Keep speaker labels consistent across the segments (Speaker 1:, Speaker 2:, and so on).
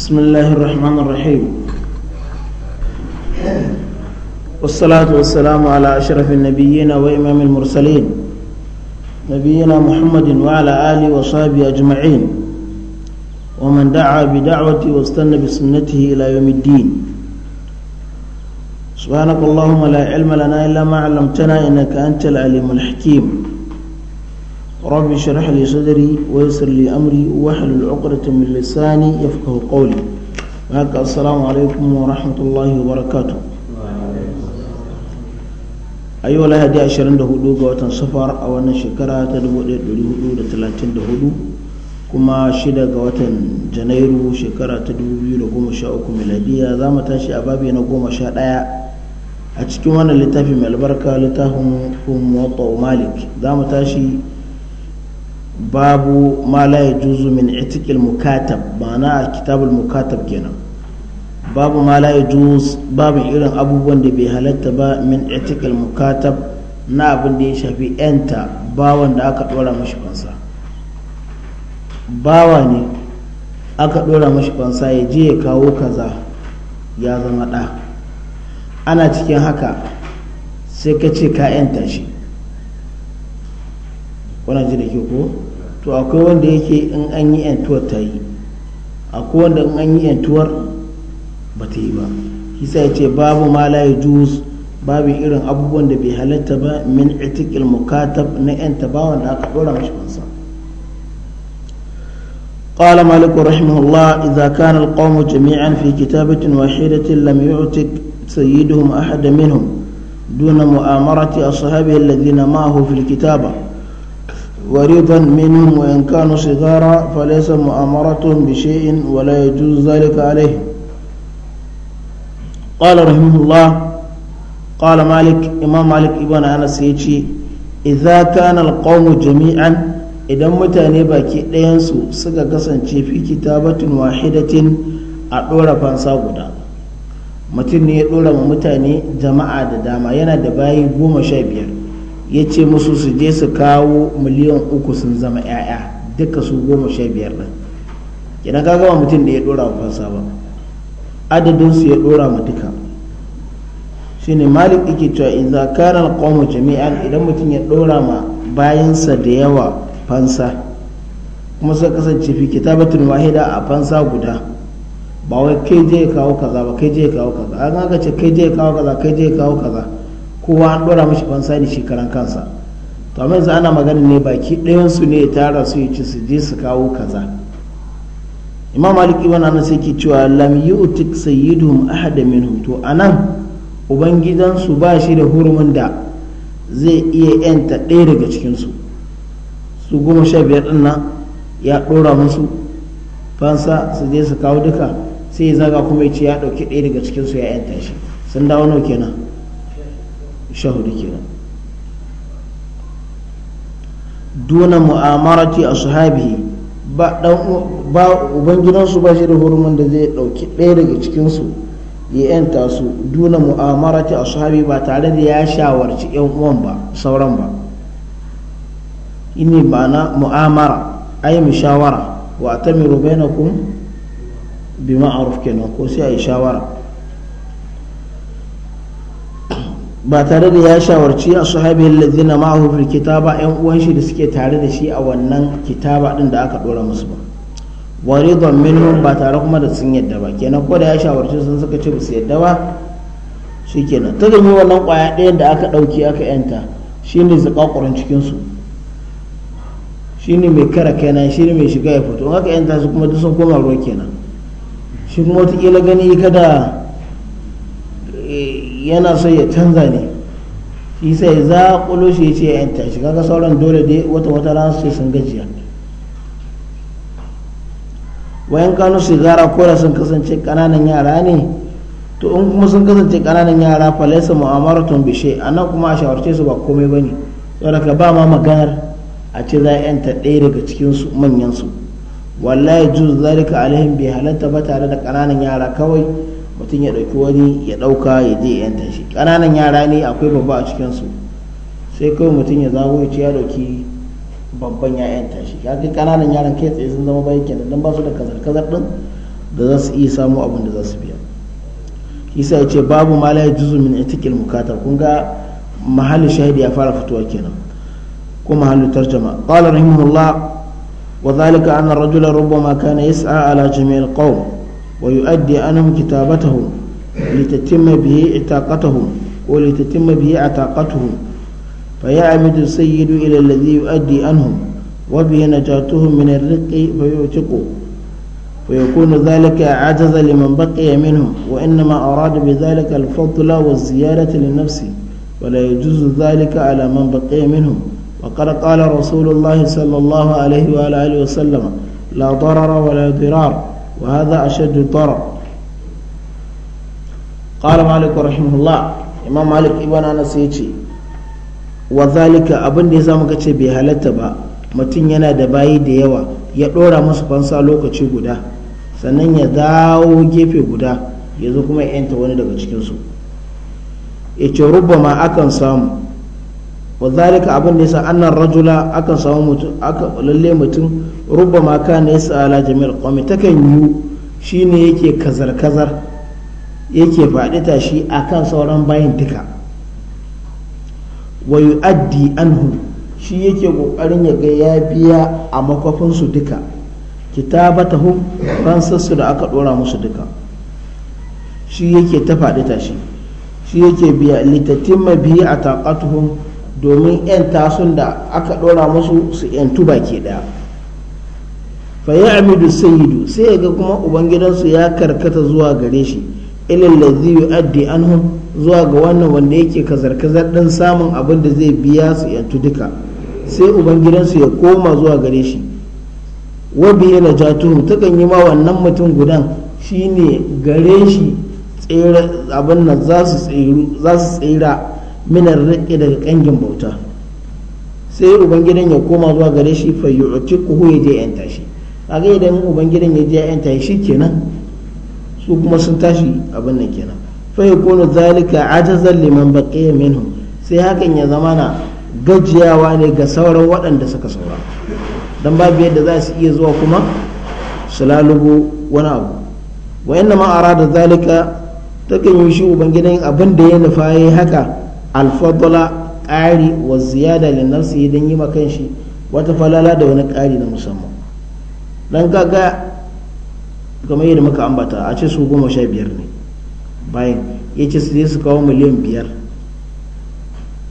Speaker 1: بسم الله الرحمن الرحيم والصلاة والسلام على أشرف النبيين وإمام المرسلين نبينا محمد وعلى آله وصحبه أجمعين ومن دعا بدعوتي واستنى بسنته إلى يوم الدين سبحانك اللهم لا علم لنا إلا ما علمتنا إنك أنت العليم الحكيم rabbi sharax li sadri wayasir li amri waxlul cuqdata min lisaani yafkahu qowli maaka assalaamu calaykum waraxmat ullaahi wabarakaatu ayuu lahadi ashirin da hudu ga watan safar a wannan shekara ta kuma shida ga watan janairu shekara ta biyu da goma sha uku za mu tashi a babi na goma ɗaya a cikin wannan littafin mai albarka littafin hukumwato malik za mu tashi babu malaya juzu yajuzu min itikil mukatab ma'ana kitabul mukatab kenan babu malaya la babu irin abubuwan da bai halatta ba min itikil mukatab na abin da ya shafi yanta bawan da aka dora mashi fansa bawa ne aka dora mashi ya je ya kawo kaza ya zama ɗa ana cikin haka sai ka ce ka yanta shi ji da ke ko to akwai wanda yake in an yi yantuwar ta yi akwai wanda in an yi yantuwar ba ta yi ba kisa ya ce babu ma la juz babu irin abubuwan da bai halatta ba min itikil mukatab na yan tabawan da aka dora mashi kansa قال مالك رحمه الله إذا كان القوم جميعا في كتابة واحدة لم يعتق سيدهم أحد منهم دون مؤامرة أصحابه الذين معه في الكتابة ورضا منهم وإن كانوا صغارا فليس مؤامرتهم بشيء ولا يجوز ذلك عليه قال رحمه الله قال مالك إمام مالك ابن أنس يجي إذا كان القوم جميعا idan mutane baki ɗayansu suka kasance fi kitabatin wahidatin a ɗora fansa guda mutum ne ya ɗora ma mutane jama'a da dama yana da bayi goma sha biyar ya ce musu su je su kawo miliyan uku sun zama 'ya'ya duka su goma sha biyar nan idan ka gama mutum da ya dora wa fansa ba adadin su ya dora ma duka shine malik yake cewa in za kana kwamo jami'an idan mutum ya dora ma bayansa da yawa fansa kuma suka kasance fi kitabatin wahida a fansa guda ba wai kai je kawo kaza ba kai je kawo kaza an haka ce kai je kawo kaza kai je kawo kaza kowa an dora mashi fansa da shekaran kansa to amma yanzu ana magana ne baki ɗayansu ne ya tara su ya ci su je su kawo kaza imam maliki wani ana sai ke cewa lam yutik sayyidum ahada minhum to anan ubangidansu ba shi da hurumin da zai iya yanta ɗaya daga cikinsu su goma sha biyar ɗin nan ya ɗora musu fansa su je su kawo duka sai ya zaga kuma ya ce ya ɗauki ɗaya daga cikinsu ya yanta shi sun dawo nau kenan shahudu kenan duna mu'amarati ashabihi ba dan ba su ba shi da hurumin da zai dauki ɗaya daga cikin su ya yanta su duna mu'amarati ashabi ba tare da ya shawarci yan uwan ba sauran ba ini ma'ana mu'amara ay mushawara wa tamiru bainakum bima'ruf kenan ko sai ay shawara ba tare da ya shawarci a sahabi na ma'ahu fil kitaba yan uwan shi da suke tare da shi a wannan kitaba din da aka dora musu ba waridon minhum ba tare kuma da sun yadda ba kenan ko da ya shawarci sun suka ce ba su yadda ba kenan ta gami wannan kwaya ɗayan da aka ɗauki aka yanta shine zaƙaƙurin cikinsu. shi ne mai kara kenan ne mai shiga ya fito in aka yanta su kuma duk sun koma ruwa kenan shi kuma gani kada yana so ya canza ne shi sai za kulo shi ya ce ya yanta shi kaga sauran dole dai wata wata rana sai sun gajiya wayan kanu sigara ko sun kasance kananan yara ne to in kuma sun kasance kananan yara fa laysa tun bi shay anan kuma a shawarce su ba komai bane saboda ba ma maganar a ce za a yanta ɗaya daga cikin su manyan su wallahi juz zalika alaihim bi halatta ba tare da kananan yara kawai mutum ya ɗauki wani ya ɗauka ya je yanta shi ƙananan yara ne akwai babba a cikinsu sai kawai mutum ya zago ya ce ya ɗauki babban ya yanta shi ya kai ƙananan yaran kai tsaye sun zama bayan kenan don ba su da kazar-kazar ɗin da za su iya samu abin da za su biya isa ya ce babu ma la yajuzu min itikil mukata kun ga mahalli shahidi ya fara fitowa kenan ko mahallu tarjama qala rahimahullah wa dhalika anna ar-rajula rubbama kana yas'a ala jami'il qawm ويؤدي عنهم كتابتهم لتتم به عتاقتهم ولتتم به عتاقتهم فيعمد السيد إلى الذي يؤدي عنهم وبه نجاتهم من الرق فيعتقوا ويكون ذلك عجز لمن بقي منهم وإنما أراد بذلك الفضل والزيادة للنفس ولا يجوز ذلك على من بقي منهم وقد قال رسول الله صلى الله عليه وآله وسلم لا ضرر ولا ضرار وهذا أشد الضرر قال مالك رحمه الله إمام مالك إبن أنا سيتي وذلك abin da ya zama kace bai halarta ba mutum yana da bayi da yawa ya ɗora musu fansa lokaci guda sannan ya dawo gefe guda ya kuma ya yanta wani daga cikinsu ya ce rubba ma akan samu wa abin da yasa annan rajula akan samu mutum lalle mutum ka ne su ala jami'ar kwami ta kan yi shi ne yake faɗi tashi a kan sauran bayan duka wayu addi anhu shi yake ƙoƙarin ya ga ya biya a makwafinsu duka hu ransarsu da aka ɗora musu duka shi yake ta faɗi tashi shi yake biya litattimma biyu a taƙatuhun domin 'yan tasun da aka ɗora musu su 'yantu baki ɗaya fa ya amidu sayidu sai ya ga kuma ubangidansu ya karkata zuwa gare shi ilal addi an anhum zuwa ga wannan wanda yake kazar-kazar ɗin samun abin da zai biya su yantu duka sai ubangidansu ya koma zuwa gare shi na biya ta kan yi ma wannan mutum gudan shine gare shi tsira abin nan za su tsira minar riƙe daga ƙangin bauta sai ubangidan ya koma zuwa gare shi fa yu'tiquhu ya je yanta shi a ga idan ubangidan ya je ya yanta shi kenan su kuma sun tashi abin nan kenan fa yakunu zalika ajazan liman baqiya minhum sai hakan ya zama na gajiyawa ne ga sauran waɗanda suka saura dan babu yadda za su iya zuwa kuma su lalubo wani abu wa inna ma arada zalika takan yi shi ubangidan abin da ya nufa yi haka alfadla ƙari wa ziyada lin nafsi dan yi ma shi wata falala da wani ƙari na musamman dan gaga kamar yadda muka ambata a ce su goma sha biyar ne bayan ya ce su je su kawo miliyan biyar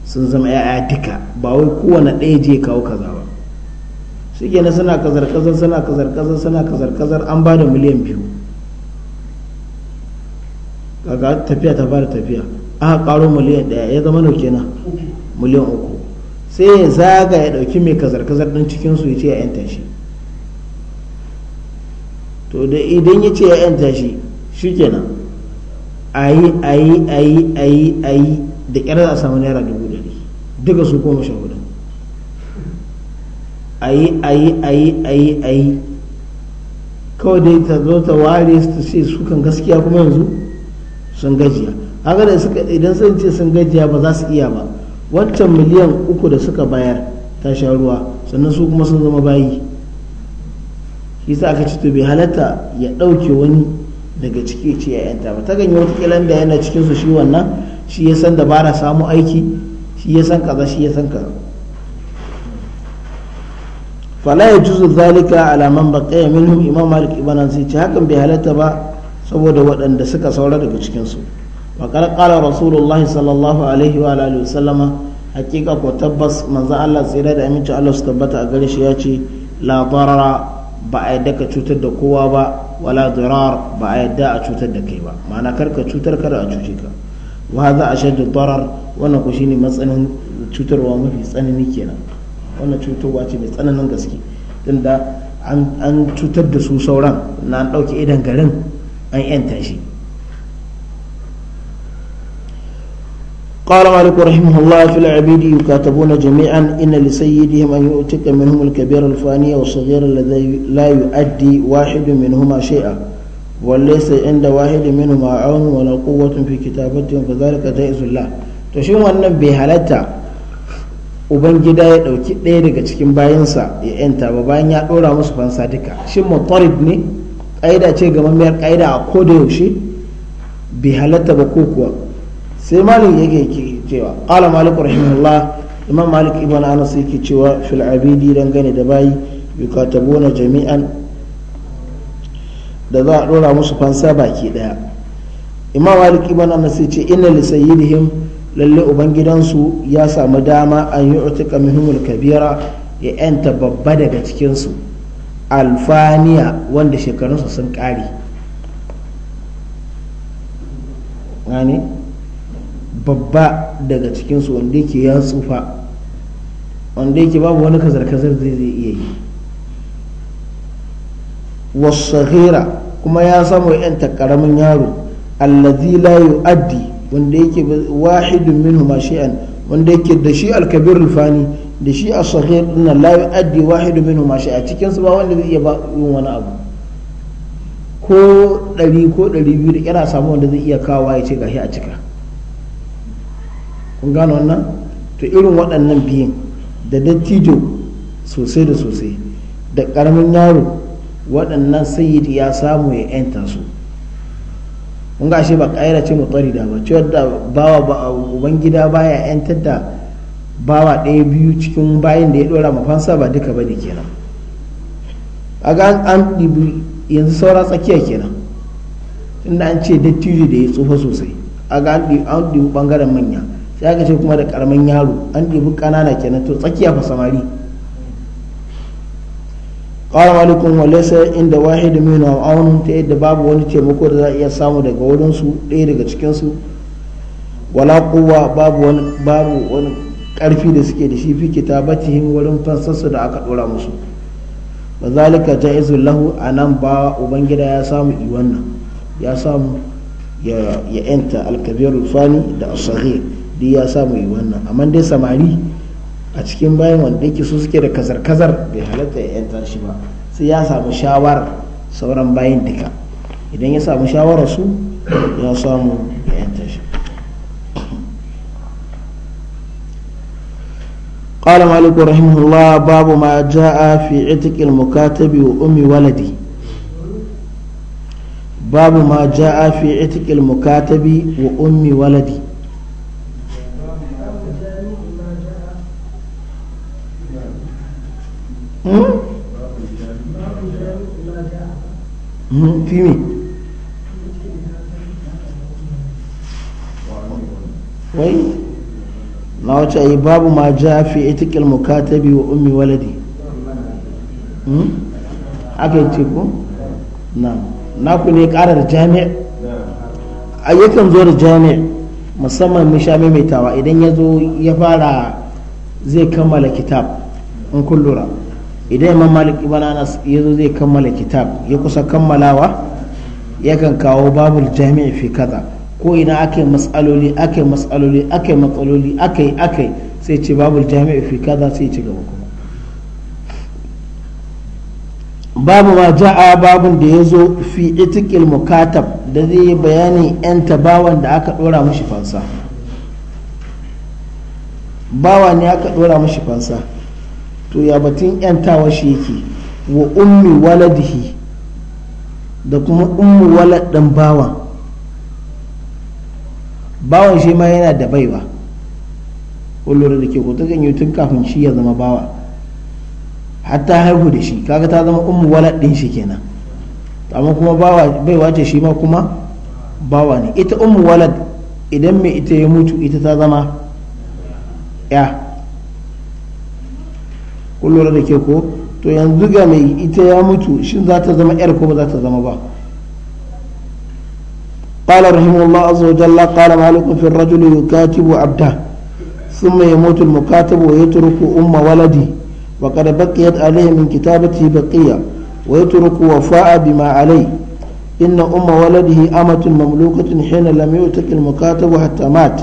Speaker 1: sun zama ya'ya duka ba wai kowane ɗaya je kawo kaza ba su na suna kazar kazar suna kazar kazar suna kazar kazar an ba da miliyan biyu kaga tafiya ta fara tafiya aka karo miliyan ɗaya ya zama nauke na miliyan uku sai ya zaga ya ɗauki mai kazar kazar ɗin cikinsu ya ce ya 'yanta shi to da idan ya ce ya yanta shi a yi ayi ayi ayi ayi da kyar za a samu naira dubu dari duka su koma sha hudu ayi ayi ayi ayi yi kawai dai ta zo ta ware su ta ce su kan gaskiya kuma yanzu sun gajiya haka da suka idan sun ce sun gajiya ba za su iya ba wancan miliyan uku da suka bayar ta sha ruwa sannan su kuma sun zama bayi yasa aka ci to bai halatta ya dauke wani daga ciki ce ya yanta ba ta ganye wata kilan da yana cikin su shi wannan shi ya san dabara samu aiki shi ya san kaza shi ya san kaza fala ya juzu zalika alaman man baqiya minhum imam malik ibn sai ce hakan bai halatta ba saboda waɗanda suka saura daga cikin su wa qala qala rasulullahi sallallahu alaihi wa alihi wasallama hakika ko tabbas manzo Allah tsira da aminci Allah su tabbata a gare shi ya ce la darara ba a yadda ka cutar da kowa ba wala dirar ba a yadda a cutar da kai ba ma'ana kar ka cutar kar a cuce ka wa a ashaddu darar wannan ku shine matsanin cutarwa mafi tsanani kenan wannan cutarwa ce mai tsananin gaske tunda an cutar da su sauran na an dauke idan garin an yanta shi قال مالك رحمه الله في العبيد يكاتبون جميعا إن لسيدهم أن يؤتك منهم الكبير الفاني والصغير الذي لا يؤدي واحد منهما شيئا وليس عند واحد منهما عون ولا قوة في كتابتهم فذلك جائز الله تشوف أن بهالتا ubangida ya ɗauki ɗaya daga cikin bayansa ya yanta ba bayan ya ɗora musu fansa duka shin mutarib ne ƙa'ida ce ga mamayar ƙa'ida a koda bai halatta ba ko kuwa sai malik yake cewa qala malik rahimahullah imam malik ibn anas yake cewa fil abidi dangane da bayi yukatabuna jami'an da za a dora musu fansa baki daya imam malik ibn anas yace inna li sayyidihim lalle ubangidansu ya samu dama an yi utuka muhimmin kabira ya yanta babba daga cikinsu alfaniya wanda shekarunsa sun kare babba daga cikinsu wanda yake ya tsufa wanda yake babu wani kazar-kazar zai zai iya yi wasaghira kuma ya samu yan takaramin yaro allazi la yu'addi wanda yake wahidun ma shi'an wanda yake da shi alkabir rufani da shi a sahir dinnan la yu'addi wahidun minhuma ma cikin cikinsu ba wanda zai iya yin wani abu ko ɗari ko ɗari biyu da yana samu wanda zai iya kawo ya ce gashi a cika kun gano wannan to irin waɗannan biyan da dattijo sosai da sosai da ƙaramin yaro waɗannan sayyid ya samu ya yanta su kun ga shi ba ƙaira ce mutari da ba cewar da bawa ba ba baya yantar da bawa ɗaya biyu cikin bayan da ya ɗora mafansa ba duka ba ne kenan a ga an ɗibi yanzu saura tsakiya kenan inda an ce dattijo da ya tsufa sosai a ga an ɗibi ɓangaren manya sai aka ce kuma da karamin yaro an ɗibi kanana kenan to tsakiya fa samari ƙawar malikun walesa inda wahidu a aunu ta yadda babu wani taimako da za a iya samu daga wurinsu ɗaya daga cikinsu wala kowa babu wani ƙarfi da suke da shi fi kitabatihim wurin fansarsu da aka ɗora musu bazalika zalika ja'izul lahu a nan ba ubangida ya samu iwanna ya samu ya yanta alkabirul fani da asahir duk ya samu yi wannan amma dai samari a cikin bayan wanda yake su suke da kazar-kazar bai halatta ya yanta shi ba sai ya samu shawarar sauran bayan duka idan ya samu shawarar su ya samu ya yanta shi قال مالك رحمه الله باب ما جاء في عتق المكاتب وأم ولدي باب ما جاء في عتق المكاتب وأم ولدي fimi babu ma ja fi itikil mukatabi wa ummi waladi aka yi teku na naku ne karar jami'a ayyukan zo da jami'a musamman mun sha maimaitawa idan ya zo ya fara zai kammala kitab in kun idan imam malik ibn anas ya zo zai kammala kitab ya kusa kammalawa yakan kawo babul jami'i fi kaza ko ina ake masaloli matsaloli masaloli ake matsaloli ake ake matsaloli aka yi sai ce babul jami'i fi kaza sai ci gaba kuma babu ma ja'a babun da ya zo fi itikil mukatab da zai yi bayani 'yan tabawan da aka dora mushi fansa bawa ne aka dora mushi fansa to ya batun yantawa shi yake wa ummi waladihi da kuma ummi walad dan bawan bawan shi ma yana da baiwa kullura da ke kuta ganyo tun kafin shi ya zama bawa hatta haihu da shi kaga ta zama ummi walad din shi kenan amma kuma bawa baiwa ce shi ma kuma bawa ne ita ummi walad idan mai ita ya mutu ita ta zama ya kun lura da ke ko to yanzu ga mai ita ya mutu shin za ta zama yar ko ba za ta zama ba قال رحمه الله عز وجل قال مالك في الرجل يكاتب عبده ثم يموت المكاتب ويترك أم ولدي وقد بقيت عليه من كتابته بقية ويترك وفاء بما عليه إن أم ولده أمة مملوكة حين لم يؤتك المكاتب حتى مات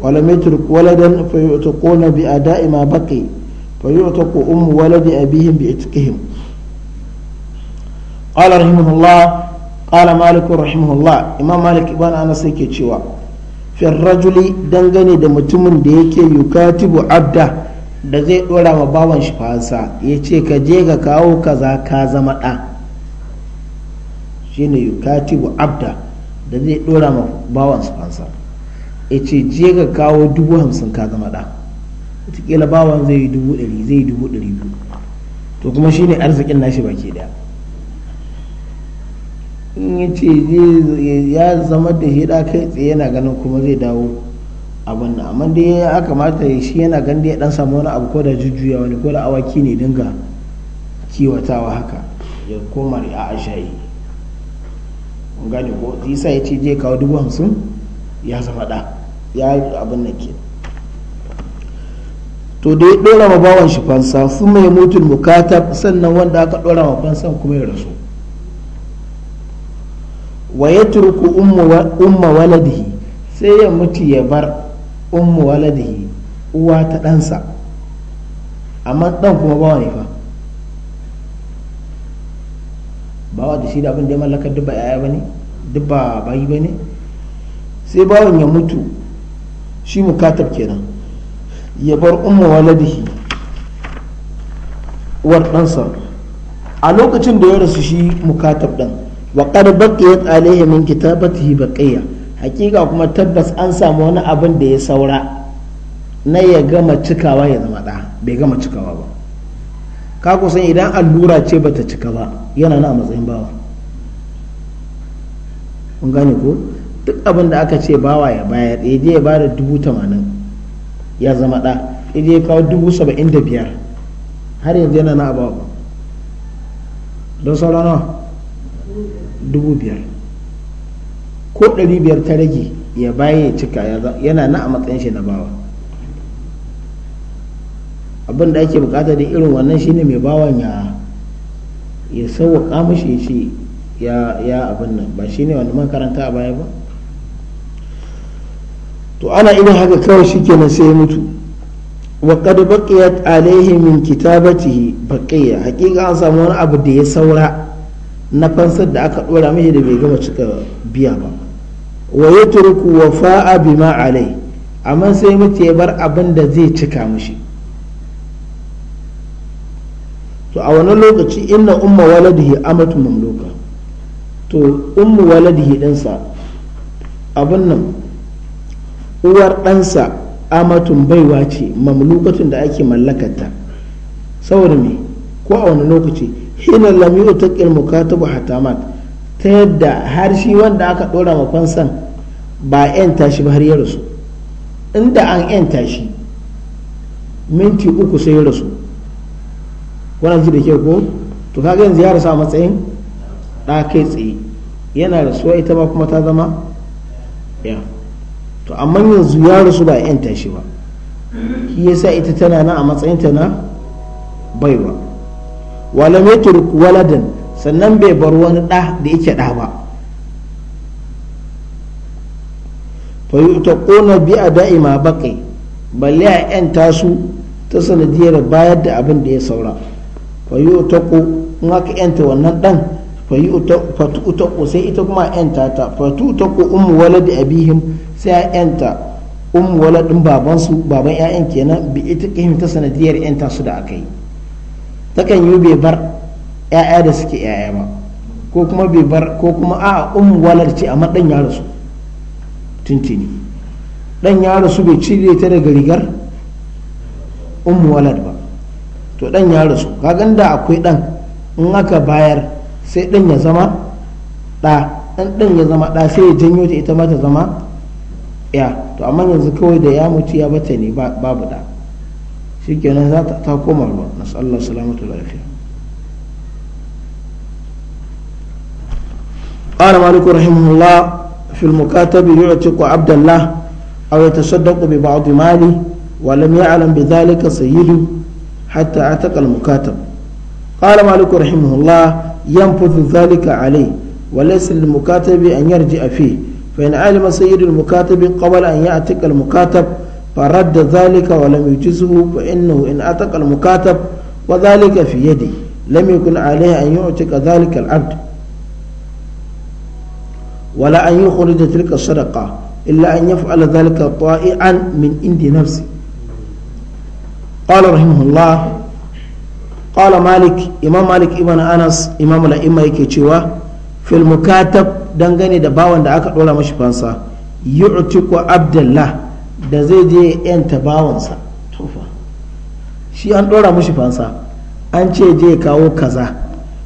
Speaker 1: ولم يترك ولدا فيؤتقون بأداء ما بقي فيعتق أم ولد أبيهم بعتقهم قال رحمه الله قال مالك رحمه الله إمام مالك بان أنا سيكي شوى في الرجل دنغني دمتمن ديكي يكاتب عبده da zai dora ma bawan shi fansa ya ce ka je ka kawo kaza ka zama ɗa shine yukatibu abda da zai dora ma bawan shi fansa ya ce je ga kawo dubu hamsin ka zama ɗa wataƙila bawan zai yi dubu ɗari zai yi dubu ɗari biyu to kuma shi ne arzikin nashi baki ɗaya in ya ce ya zama da shi kai tsaye yana ganin kuma zai dawo abin da amma dai ya kamata shi yana ganin ya dan samu wani abu ko da jujjuya wani ko da awaki ne dinga kiwatawa haka ya koma a ashayi gani ko isa ya ce je kawo dubu hamsin ya zama da ya abin da ke to da ya dora ma bawan shi fansa su mai mutun mukatab sannan wanda aka dora ma fansan kuma ya rasu wa ya turku umma waladihi sai ya mutu ya bar umma waladihi uwa ta ɗansa amma ɗan kuma bawa ne fa bawa da shi da abin da ya mallaka duk ba yaya ne duk ba bayi bane sai bawan ya mutu shi mukatab kenan ya bar umma waladihi war a lokacin da ya rasu shi mukatab ɗan wa qad baqiyat alayhi min kitabatihi baqiya hakika kuma tabbas an samu wani abin da ya saura na ya gama cikawa ya zama da bai gama cikawa ba ka san idan allura ce bata cika ba yana na matsayin bawa kun gane ko duk abin da aka ce bawa ya bayar ya je ya bada dubu tamanin ya zama ɗa in ya kawo dubu saba'in da biyar har yanzu yana na abu don sauran nawa dubu biyar ko ɗari biyar ta rage ya baye cika yana na a matsayin shi na bawa abin da ake bukata da irin wannan shine mai bawan ya ya sauwa mashi ya ce ya abin nan ba shine wani makaranta a baya ba to ana ina haka kawai shikenan sai ya mutu wa qad baqiyat alaihi min kitabatihi baqiya hakika an samu wani abu da ya saura na fansar da aka dora mai da bai gama cika biya ba wa yatruku wafa'a bima alai amma sai mutu ya bar abin da zai cika mishi to a wani lokaci inna umma waladihi amatu mamluka to ummu waladihi dinsa abin nan uwar ɗansa amatun baiwa ce mamlukatun da ake mallakarta saboda me ko a wani lokaci hina ta yu'taqil mukatabu hatamat ta yadda har shi wanda aka ɗora ma fansan ba yan tashi ba har ya rasu inda an yan tashi minti uku sai ya rasu wannan ji da ke ko to kaga yanzu ya rasu a matsayin ɗa kai tsaye yana rasuwa ita ma kuma ta zama ya to amma yanzu ya rasu ba yan tashi ba shi yasa ita tana na a ta na baiwa wala turk waladan sannan bai bar wani ɗa da yake ɗa ba fa yu'taquna bi ada'i ma baƙi balle a yan tasu ta sanadiyar bayar da abin da ya saura fa ko in aka yanta wannan dan fa ko sai ita kuma 'yan ta fa ko ummu waladi abihim sai yayanta yanta um waladin um babansu baban 'ya'yan kenan bi ita ta sanadiyar yanta su da aka yi takan yi bai bar 'ya'ya da suke 'ya'ya ba ko kuma bai bar ko kuma a um walad ce amma madan ya rasu tuntuni dan ya rasu bai cire ta daga rigar um walad ba to dan ya rasu kagan da akwai dan in aka bayar sai dan ya zama da dan ya zama da sai ya janyo ta ita ma ta zama ya to amma yanzu kawai da ya mutu ya bata ne babu da shi kenan za ta koma ruwa na tsallar salamatu lafiya ƙara maliku rahimahullah fil mukatabi yau ce abdallah a wai ta saddaƙo bi ba'a bi mali walam ya alam bi zalika sayidu hatta a ta kal mukatab ƙara maliku rahimahullah yan fi mukatabi an yarji a فإن علم سيد المكاتب قبل أن يعتق المكاتب فرد ذلك ولم يجزه فإنه إن أتق المكاتب وذلك في يده لم يكن عليه أن يعتق ذلك العبد ولا أن يخرج تلك الصدقة إلا أن يفعل ذلك طائعا من عند نفسه قال رحمه الله قال مالك إمام مالك ابن أنس إمام الأئمة يكي في المكاتب dangane da bawan da aka ɗora mashi fansa yu'tiku abdullah da zai je yanta bawansa tufa shi an ɗora mashi fansa an ce je kawo kaza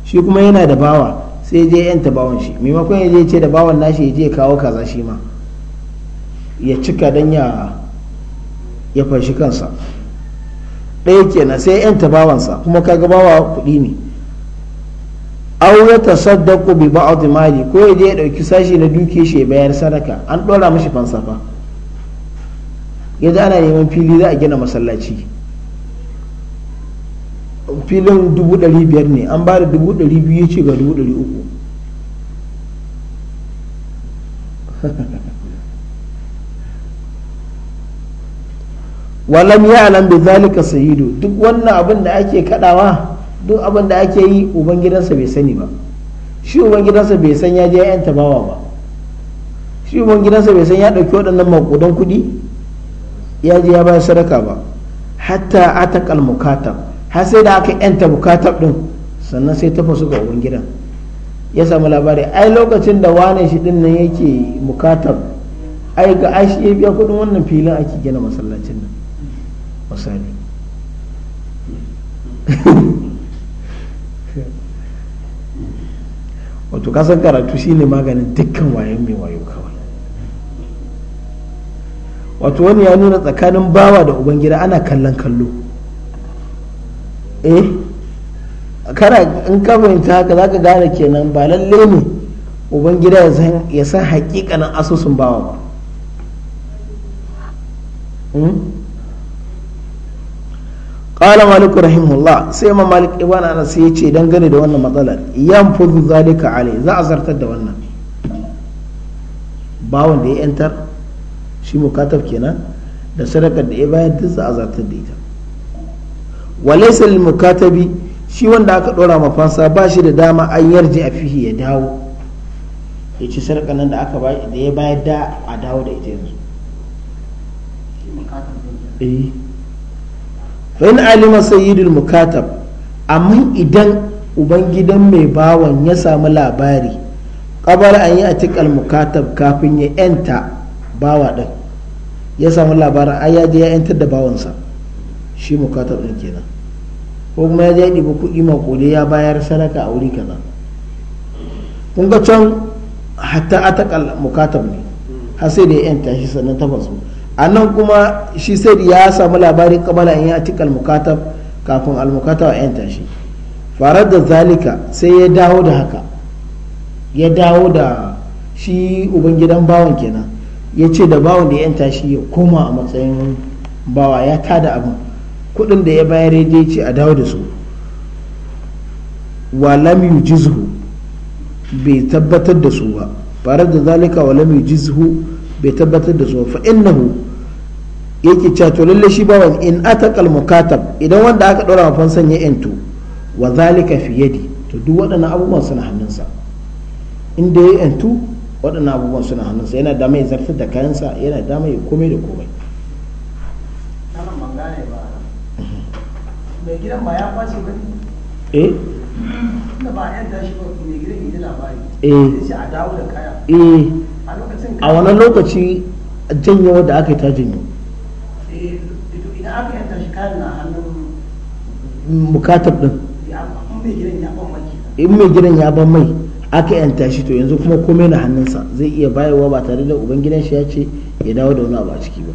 Speaker 1: shi kuma yana da bawa sai je yanta bawan shi maimakon ya je ce da bawan nashi ya je kawo kaza shi ma ya cika don ya ya fashi kansa ɗaya kenan sai yanta bawansa kuma kaga bawa kuɗi ne aw ya tasaddaqu bi ba'd mali ko ya je dauki sashi na duke shi bayar sadaka an dora mashi fansafa yanzu ana neman fili za a gina masallaci filin dubu ɗari biyar ne an ba da dubu ɗari biyu ce ga dubu ɗari uku walam ya alam bi zalika sayidu duk wannan abin da ake kadawa duk abin da ake yi uban gidansa bai sani ba shi uban gidansa bai san ya je ya tabawa bawa ba shi uban gidansa bai san ya ɗauki waɗannan makudan kuɗi ya je ya bayar sadaka ba hatta atakal mukatab har sai da aka yanta mukatab ɗin sannan sai ta fasu ga uban gidan ya samu labari ai lokacin da wane shi ɗin nan yake mukatab ai ga ai shi ya biya kuɗin wannan filin ake gina masallacin nan misali wato kasan karatu shine maganin dukkan wayan mai wayo kawai wato wani ya nuna tsakanin bawa da ubangida ana kallon kallo eh kara in ka fahimta haka za ka gane kenan ba lalle ne ubangida ya san hakikanin asusun bawa ba hmm? qala malik rahimahullah sai imam malik ibn anas ya ce gani da wannan matsalar yanfudu ka alai za a zartar da wannan bawan da ya yantar shi mukatab kenan da sadakar da ya bayar duk za a zartar da ita wa laysa lil mukatabi shi wanda aka dora ma fansa ba shi da dama an yarje a fihi ya dawo ya ci sarƙa nan da aka da ya bayar da a dawo da ita yanzu fa in alima sayyidul mukatab amma idan ubangidan mai bawan ya samu labari kabar an yi atikal mukatab kafin ya yanta bawa din ya samu labarin ai ya je ya yantar da bawansa shi mukatab din kenan ko kuma ya je ya ɗiba kuɗi maƙule ya bayar sadaka a wuri kaza kun ga can hatta atakal mukatab ne har sai da ya yanta shi sannan ta fasu a nan kuma shi sai ya samu labarin kamala in ya cika almukatab kafin almukatab a yanta shi farar da zalika sai ya dawo da haka ya dawo da shi ubangidan bawan kenan ya ce da bawan da ya yanta ya koma a matsayin bawa ya ta da abin kudin da ya bayar ya ce a dawo da su wa lam yujizhu bai tabbatar da su ba farar da zalika wa lam yujizhu bai tabbatar da su fa innahu yake cewa to lalle shi bawan in atakal mukatab idan wanda aka dora wa fansan ya yantu wa zalika fi yadi to duk waɗannan abubuwan suna hannunsa inda ya yantu waɗannan abubuwan suna hannunsa yana da mai zartar da kayansa yana da mai komai da komai mai gidan ba ya kwace ba ne eh ba ba mai gidan yi eh? labari eh sai a dawo da kaya eh a wannan lokaci janyewa da aka yi ta janyo bukatar mai gidan ya ban mai aka yanta shi to yanzu kuma kome na hannunsa zai iya bayarwa ba tare da ubangidan shi ya ce ya dawo da wani abu a ciki ba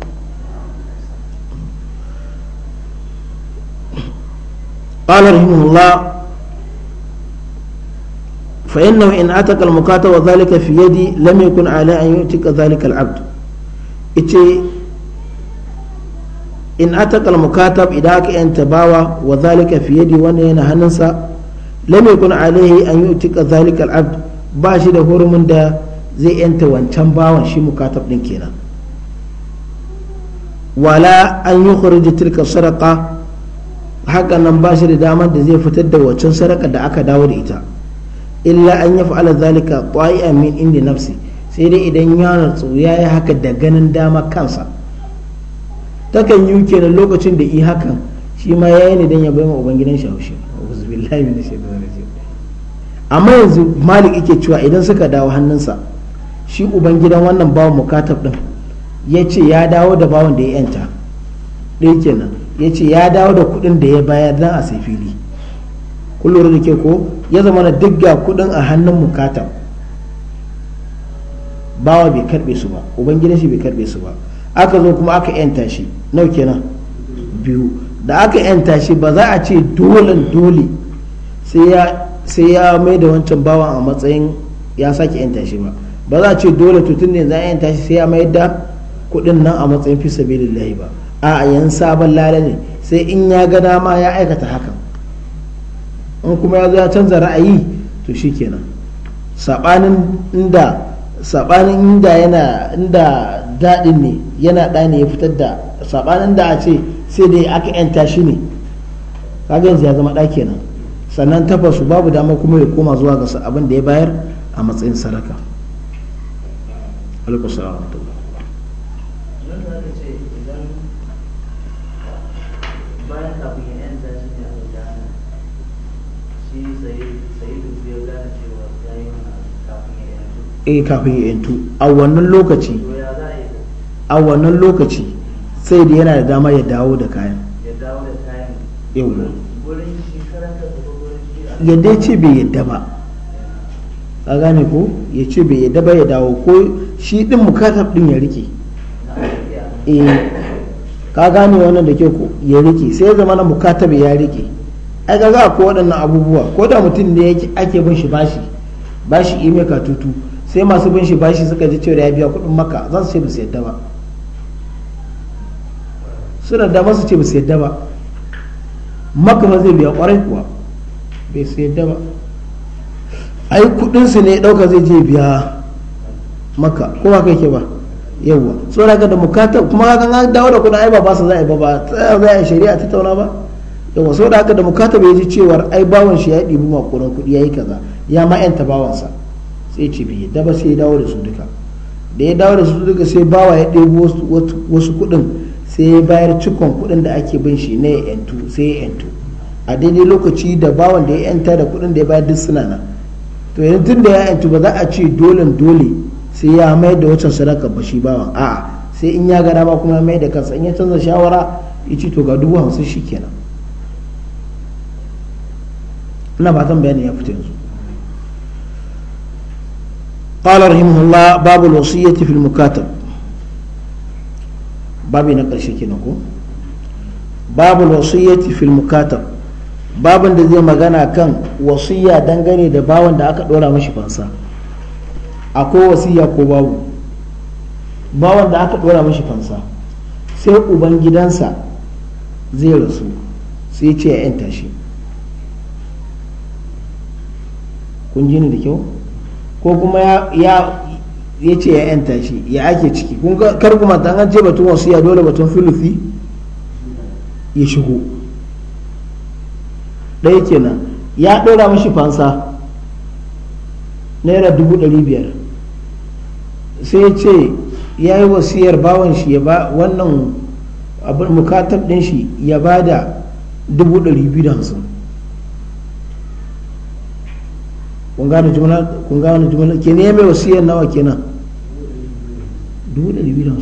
Speaker 1: ƙalar himmula fa'in na in ata kalmukata wa zalika fiye di lamekun ala an yi cika zalika ita in ataqal mukatab idan aka yanta bawa wa zalika fiye da wannan yana hannunsa lam yakun alaihi an yu'tika zalika al-abd ba shi da hurumin da zai yanta wancan bawan shi mukatab din kenan wala an yukhrij tilka sadaka haka nan ba shi da damar da zai fitar da wancan sadaka da aka dawo da ita illa an fa'ala zalika ta'i'a min indi nafsi sai dai idan ya natsu ya yi haka da ganin dama kansa takan yi kenan lokacin da i hakan shi ma yi ne dan ya bai ma ubangidan shi haushi amma yanzu malik yake cewa idan suka dawo hannunsa shi ubangidan wannan bawan mukatab din ya ce ya dawo da bawan da ya yanta ɗaya kenan ya ce ya dawo da kuɗin da ya bayar dan a sai fili kullum da ke ko ya zama na digga kuɗin a hannun mukatab bawa bai karɓe su ba ubangidan shi bai karɓe su ba aka zo kuma aka yanta shi nau kenan biyu da aka yanta shi ba za a ce dolen dole sai ya mai da wancan bawan a matsayin ya sake yanta shi ba ba za a ce dole tutun ne za a yanta shi sai ya mai da kudin nan a matsayin fi sabilillahi ba a yan sabon lale ne sai in ya ga dama ya aikata hakan in kuma ya zo ya canza ra'ayi to shikenan sabanin inda sabanin inda yana inda daɗin ne yana ɗaya ne ya fitar da saɓanin da a ce sai dai aka yanta shi ne kaga yanzu ya zama ɗa kenan sannan tafasu babu dama kuma ya koma zuwa ga abin da ya bayar a matsayin sadaka eh kafin ya yantu a wannan lokaci a wannan lokaci sai da yana da dama ya dawo da kayan ya dai ce bai yadda ba a gane ko ya ce bai yadda ba ya dawo ko shi din mukatab din ya rike eh. ka gane wannan da ke ko ya rike sai ya zama na mukatab ya rike ai ga za ko waɗannan abubuwa ko da mutum ne yake ake bin shi bashi bashi ime ka tutu sai masu bin shi bashi suka ji cewa ya biya kuɗin maka zan su ce yadda ba suna da masu ce ba su yadda ba maka ba zai biya kwarai kuwa bai su yadda ba ai kudinsu ne dauka zai je biya maka kuma kai ke ba yawwa tsora ga da mukata kuma ga kan dawo da kudin ai ba ba su za a yi ba ba ta za a yi shari'a ta tauna ba yawwa tsora haka da mukata bai ji cewar ai bawan shi ya ɗibi makonan kuɗi ya yi kaza ya ma yanta bawansa sai ce bai yadda ba sai ya dawo da su duka da ya dawo da su duka sai bawa ya ɗebo wasu kuɗin sai ya bayar cikon kudin da ake bin shi na ya yantu sai ya yantu a daidai lokaci da bawan da ya yanta da kudin da ya bayar duk suna nan to yanzu tun da ya yantu ba za a ce dole dole sai ya mai da wacan sadaka ba shi bawan a'a sai in ya ga dama kuma mai da kansa in ya canza shawara ya ce to ga dubu hamsin shi kenan ina fatan bayani ya fita yanzu قال رحمه الله باب الوصية في المكاتب babu na ƙarshe kenan ko babu wasiyyati fil mukatab babin da zai magana kan wasiyya dangane da bawan da aka ɗora mashi fansa akwai wasiyya ko babu bawan da aka ɗora mashi fansa sai uban gidansa zai rasu sai ce ya yanta kun ji da kyau ko kuma ya ya ce ya yanta shi ya ake ciki kun kar kuma ta an ce batun wasu ya dole batun filifi ya shigo ɗaya kenan ya ɗora mashi fansa naira dubu ɗari biyar sai ce ya yi wasiyar bawan shi ya ba wannan abin mukatar ɗin shi ya ba da dubu ɗari biyu da hamsin kun gane jumla kenan ya mai wasiyar nawa kenan dole ɗari biyu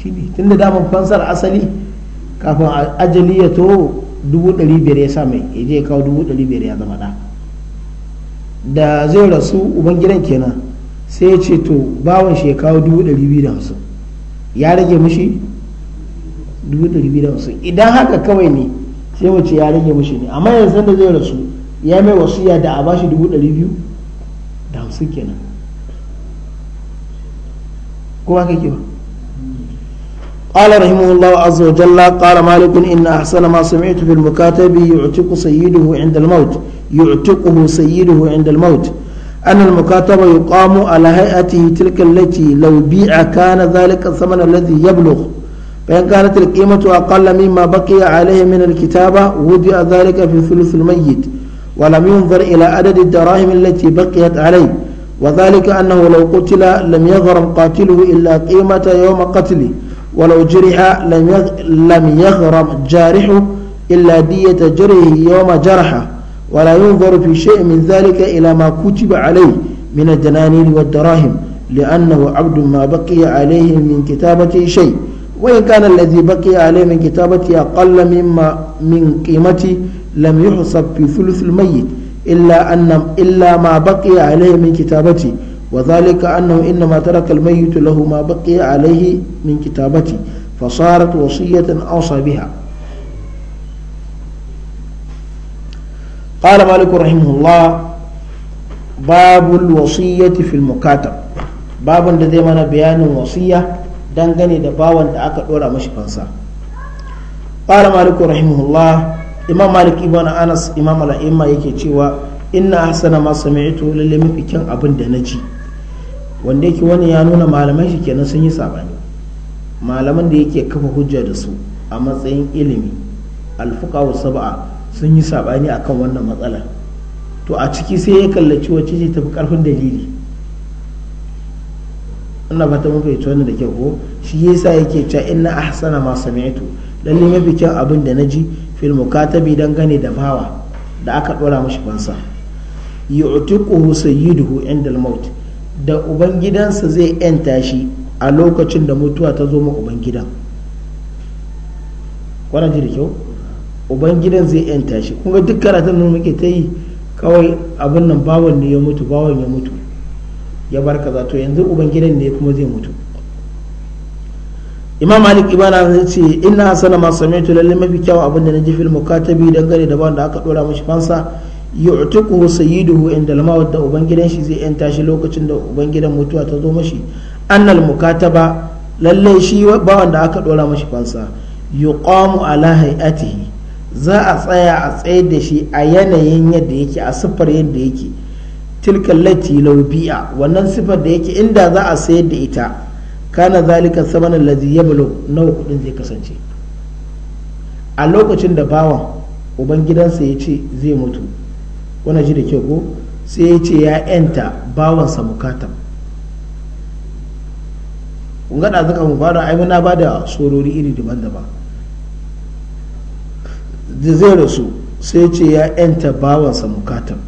Speaker 1: shi ne tun da damar fansar asali kafin ajali ya to dubu ɗari biyar ya sa mai ya je kawo dubu ɗari biyar ya zama da da zai rasu uban gidan kenan sai ya ce to bawan shi ya kawo dubu ɗari biyu da hamsin ya rage mushi dubu ɗari biyu da hamsin idan haka kawai ne sai wace ya rage mushi ne amma yanzu da zai rasu ya mai wasu ya da a bashi dubu ɗari biyu da hamsin kenan kowa kake ba قال رحمه الله عز وجل قال مالك إن أحسن ما سمعت في المكاتب يعتق سيده عند الموت يعتقه سيده عند الموت أن المكاتب يقام على هيئته تلك التي لو بيع كان ذلك الثمن الذي يبلغ فإن كانت القيمة أقل مما بقي عليه من الكتابة وضع ذلك في ثلث الميت ولم ينظر إلى عدد الدراهم التي بقيت عليه وذلك أنه لو قتل لم يغرم قاتله إلا قيمة يوم قتله ولو جرح لم لم يغرم جارحه إلا دية جرحه يوم جرحه ولا ينظر في شيء من ذلك إلى ما كتب عليه من الدنانير والدراهم لأنه عبد ما بقي عليه من كتابته شيء وإن كان الذي بقي عليه من كتابته أقل مما من قيمته لم يحسب في ثلث الميت إلا أن إلا ما بقي عليه من كتابتي وذلك أنه إنما ترك الميت له ما بقي عليه من كتابتي فصارت وصية أوصى بها قال مالك رحمه الله باب الوصية في المكاتب باب da zai mana bayanin wasiya dangane da bawan da aka dora mashi fansa قال مالك رحمه الله imam malik ibn anas imam al'imma yake cewa inna hasana ma sami'tu lalle mafi kyan abin da na ci wanda yake wani ya nuna malaman shi kenan sun yi sabani malaman da yake kafa hujja da su a matsayin ilimi wa sab'a sun yi sabani akan wannan matsalar to a ciki sai ya kallaci wacce ce tafi karfin dalili ina fata mun fahimci da kyau ko shi yasa yake cewa inna ahsana ma sami'tu lalle mafi kyan abin da na ji fil mukatabi dangane da bawa da aka dora mashi fansa yu'tiquhu sayyiduhu inda al-maut da ubangidansa zai yanta shi a lokacin da mutuwa ta zo ma ubangidan kwana ji da kyau ubangidan zai yanta shi kun duk karatun da muke ta yi kawai abin nan bawan ne ya mutu bawan ya mutu ya bar kaza to yanzu ubangidan ne kuma zai mutu imam malik ibana zai ce ina hasana masu sami'tu lalle mafi kyau abin da naji fil mukatabi dangane da wanda aka dora mashi fansa yu'tiquhu sayyiduhu inda al da ubangidan shi zai yanta shi lokacin da ubangidan mutuwa ta zo mashi annal mukataba lalle shi ba wanda aka dora mashi fansa kwamu ala hay'atihi za a tsaya a tsaye da shi a yanayin yadda yake a siffar yadda yake tilkallati laubiya wannan siffar da yake inda za a sayar da ita kana zalika lazi ya bulo nawa kudin zai kasance a lokacin da bawan uban gidansa ya ce zai mutu wani ji da kyau ko sai ya ce ya yanta bawansa mukatan kun ga zaka mu fara ai muna ba da sorori iri daban-daban da zai rasu sai ya ce ya yanta bawansa mukatan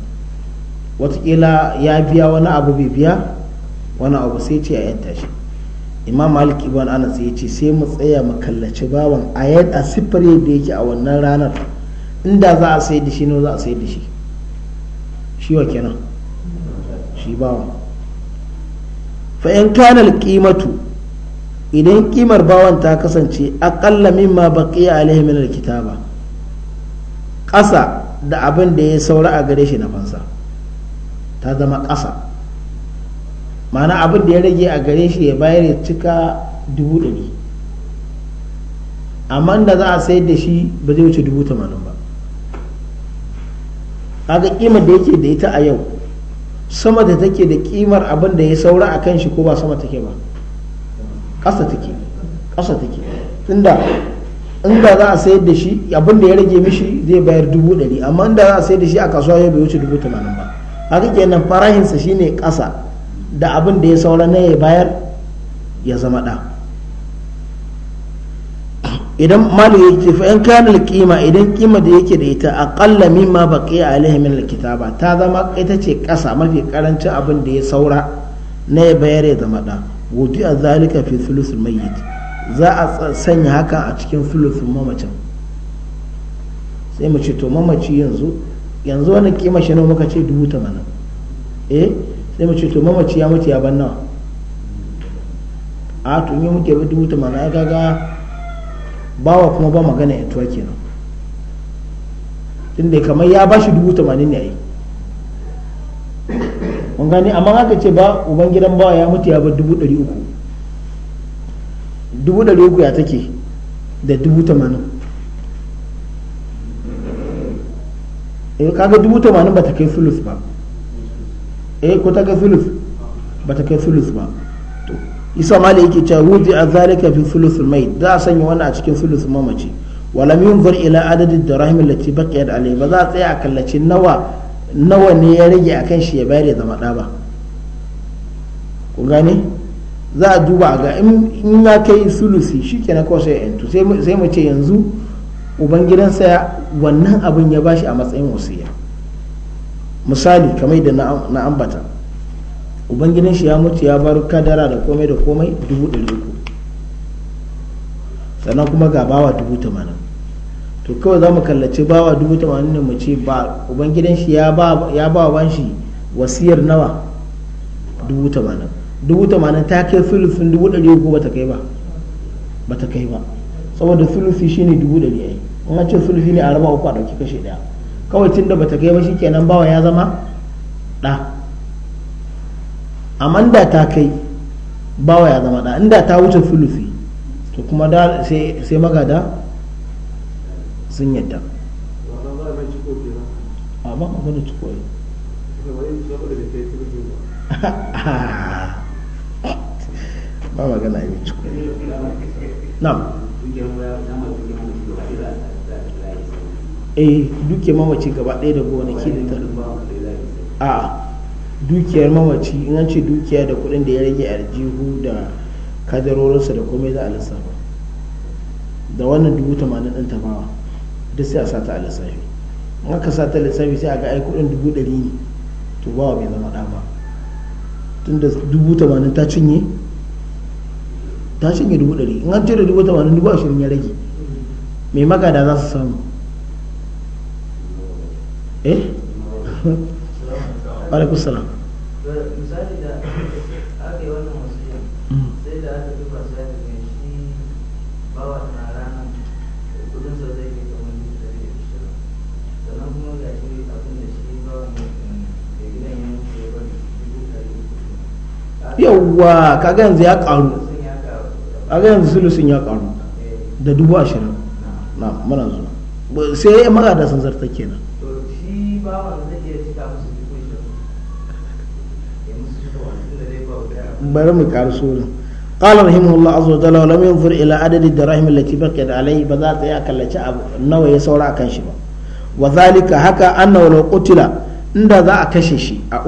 Speaker 1: watakila ya biya wani abu bai biya wani abu sai ce ya yanta shi imam malik ibn anas ya ce sai mu tsaya mu kallaci bawan a yadda siffar yadda yake a wannan ranar inda za a sayar da shi ne za a sayar da shi shi wa kenan shi bawan fa in kana alqimatu idan kimar bawan ta kasance aqalla mimma baqiya alaihi min alkitaba ƙasa da abin da ya saura a gare shi na fansa ta zama ƙasa ma'ana abin da ya rage a gare shi ya bayar ya cika dubu ɗari amma da za a sayar da shi ba zai wuce dubu tamanin ba kaga kimar da yake da ita a yau sama da take da kimar abin da ya saura a kan shi ko ba sama take ba ƙasa take ƙasa take tunda in da za a sayar da shi abin da ya rage mishi zai bayar dubu ɗari amma da za a sayar da shi a kasuwa yau bai wuce dubu tamanin ba haka kenan farahinsa shine ƙasa da abin da ya saura na ya bayar ya zama ɗa idan malu ya ce fa'in kanar kima idan kima da yake da ita aƙalla ma baƙi a alihimin ba ta zama ita ce ƙasa mafi ƙarancin abin da ya saura na ya bayar ya zama ɗa wuti a zalika fi sulusul mayyit za a sanya haka a cikin sulusun mamacin sai mu ce to mamaci yanzu yanzu wani kima shi ne muka ce dubu tamanin eh sai mace to mamaci ya mutu ya ban nawa a to yi muke bi dubu tamanin ya gaga bawa kuma ba magana ya tuwa kenan dai kamar ya bashi dubu tamanin ne a yi kun gani amma haka ce ba uban gidan bawa ya mutu ya bar dubu ɗari uku dubu ɗari uku ya take da dubu tamanin eh, kaga dubu tamanin ba ta kai fulus ba eh ko ta ga sulus ba ta kai sulus ba to isa mali yake cewa wuji a zalika fi sulus mai za a sanya wani a cikin sulus mamaci walam yunzur ila adadin dirahim allati baqiyat alayhi ba za a tsaya a kallaci nawa nawa ne ya rage akan shi ya bayar ya zama ɗa ba ku gane za a duba ga in ya kai sulusi shi na kawai sai yantu sai mu ce yanzu ubangidansa wannan abin ya bashi a matsayin wasiya misali kamar da na ambata ubangidan shi ya mutu ya bar kadara da komai da komai dubu ɗari uku sannan kuma ga bawa dubu tamanin to kawai za mu kallaci bawa dubu tamanin ne mu ce ba ubangidan shi ya ba wa shi wasiyar nawa dubu tamanin dubu tamanin ta kai filifin dubu ɗari uku ba ta kai ba ba ta kai ba saboda filifi ne dubu ɗari ai in ce filifi ne a raba uku a ɗauki kashe ɗaya kawai tunda bata kai ba shikenan bawa ya zama ɗa amma da ta kai bawa ya zama ɗa inda ta wuce fulufi to kuma da sai magada sun yadda amma magana ciko ne ba magana yi na eh duke mamaci gaba ɗaya da gonaki da ta a dukiyar mamaci in an ce dukiya da kuɗin da ya rage a jihu da kadarorinsa da komai za a lissafa da wannan dubu tamanin ɗin tabawa duk sai a sa ta a lissafi in aka sa ta lissafi sai a ga ai kuɗin dubu ɗari ne to bawa bai zama ɗa ba tunda dubu tamanin ta cinye ta cinye dubu ɗari in an cire dubu tamanin dubu ashirin ya rage mai magada za su samu eh alaikum salam misali da aka yi wannan musulun mm. sai da aka duba sai da mai shi bawa na rana kudin sa zai ke kamar yi da ya shi shirin sannan kuma ga shi abin da shi bawa ne da gidan ya mutu ya bari dubu ɗari yawwa kaga yanzu ya karu kaga yanzu sulusun ya karu eh. da dubu ashirin na mana zuwa sai ya mara da sun zarta kenan bawan zai iya cika musu bari mu ƙari sunan قال رحمه الله عز abu nawa ya saura akan shi ba wazalika haka annahu law qutila inda za a kashe shi a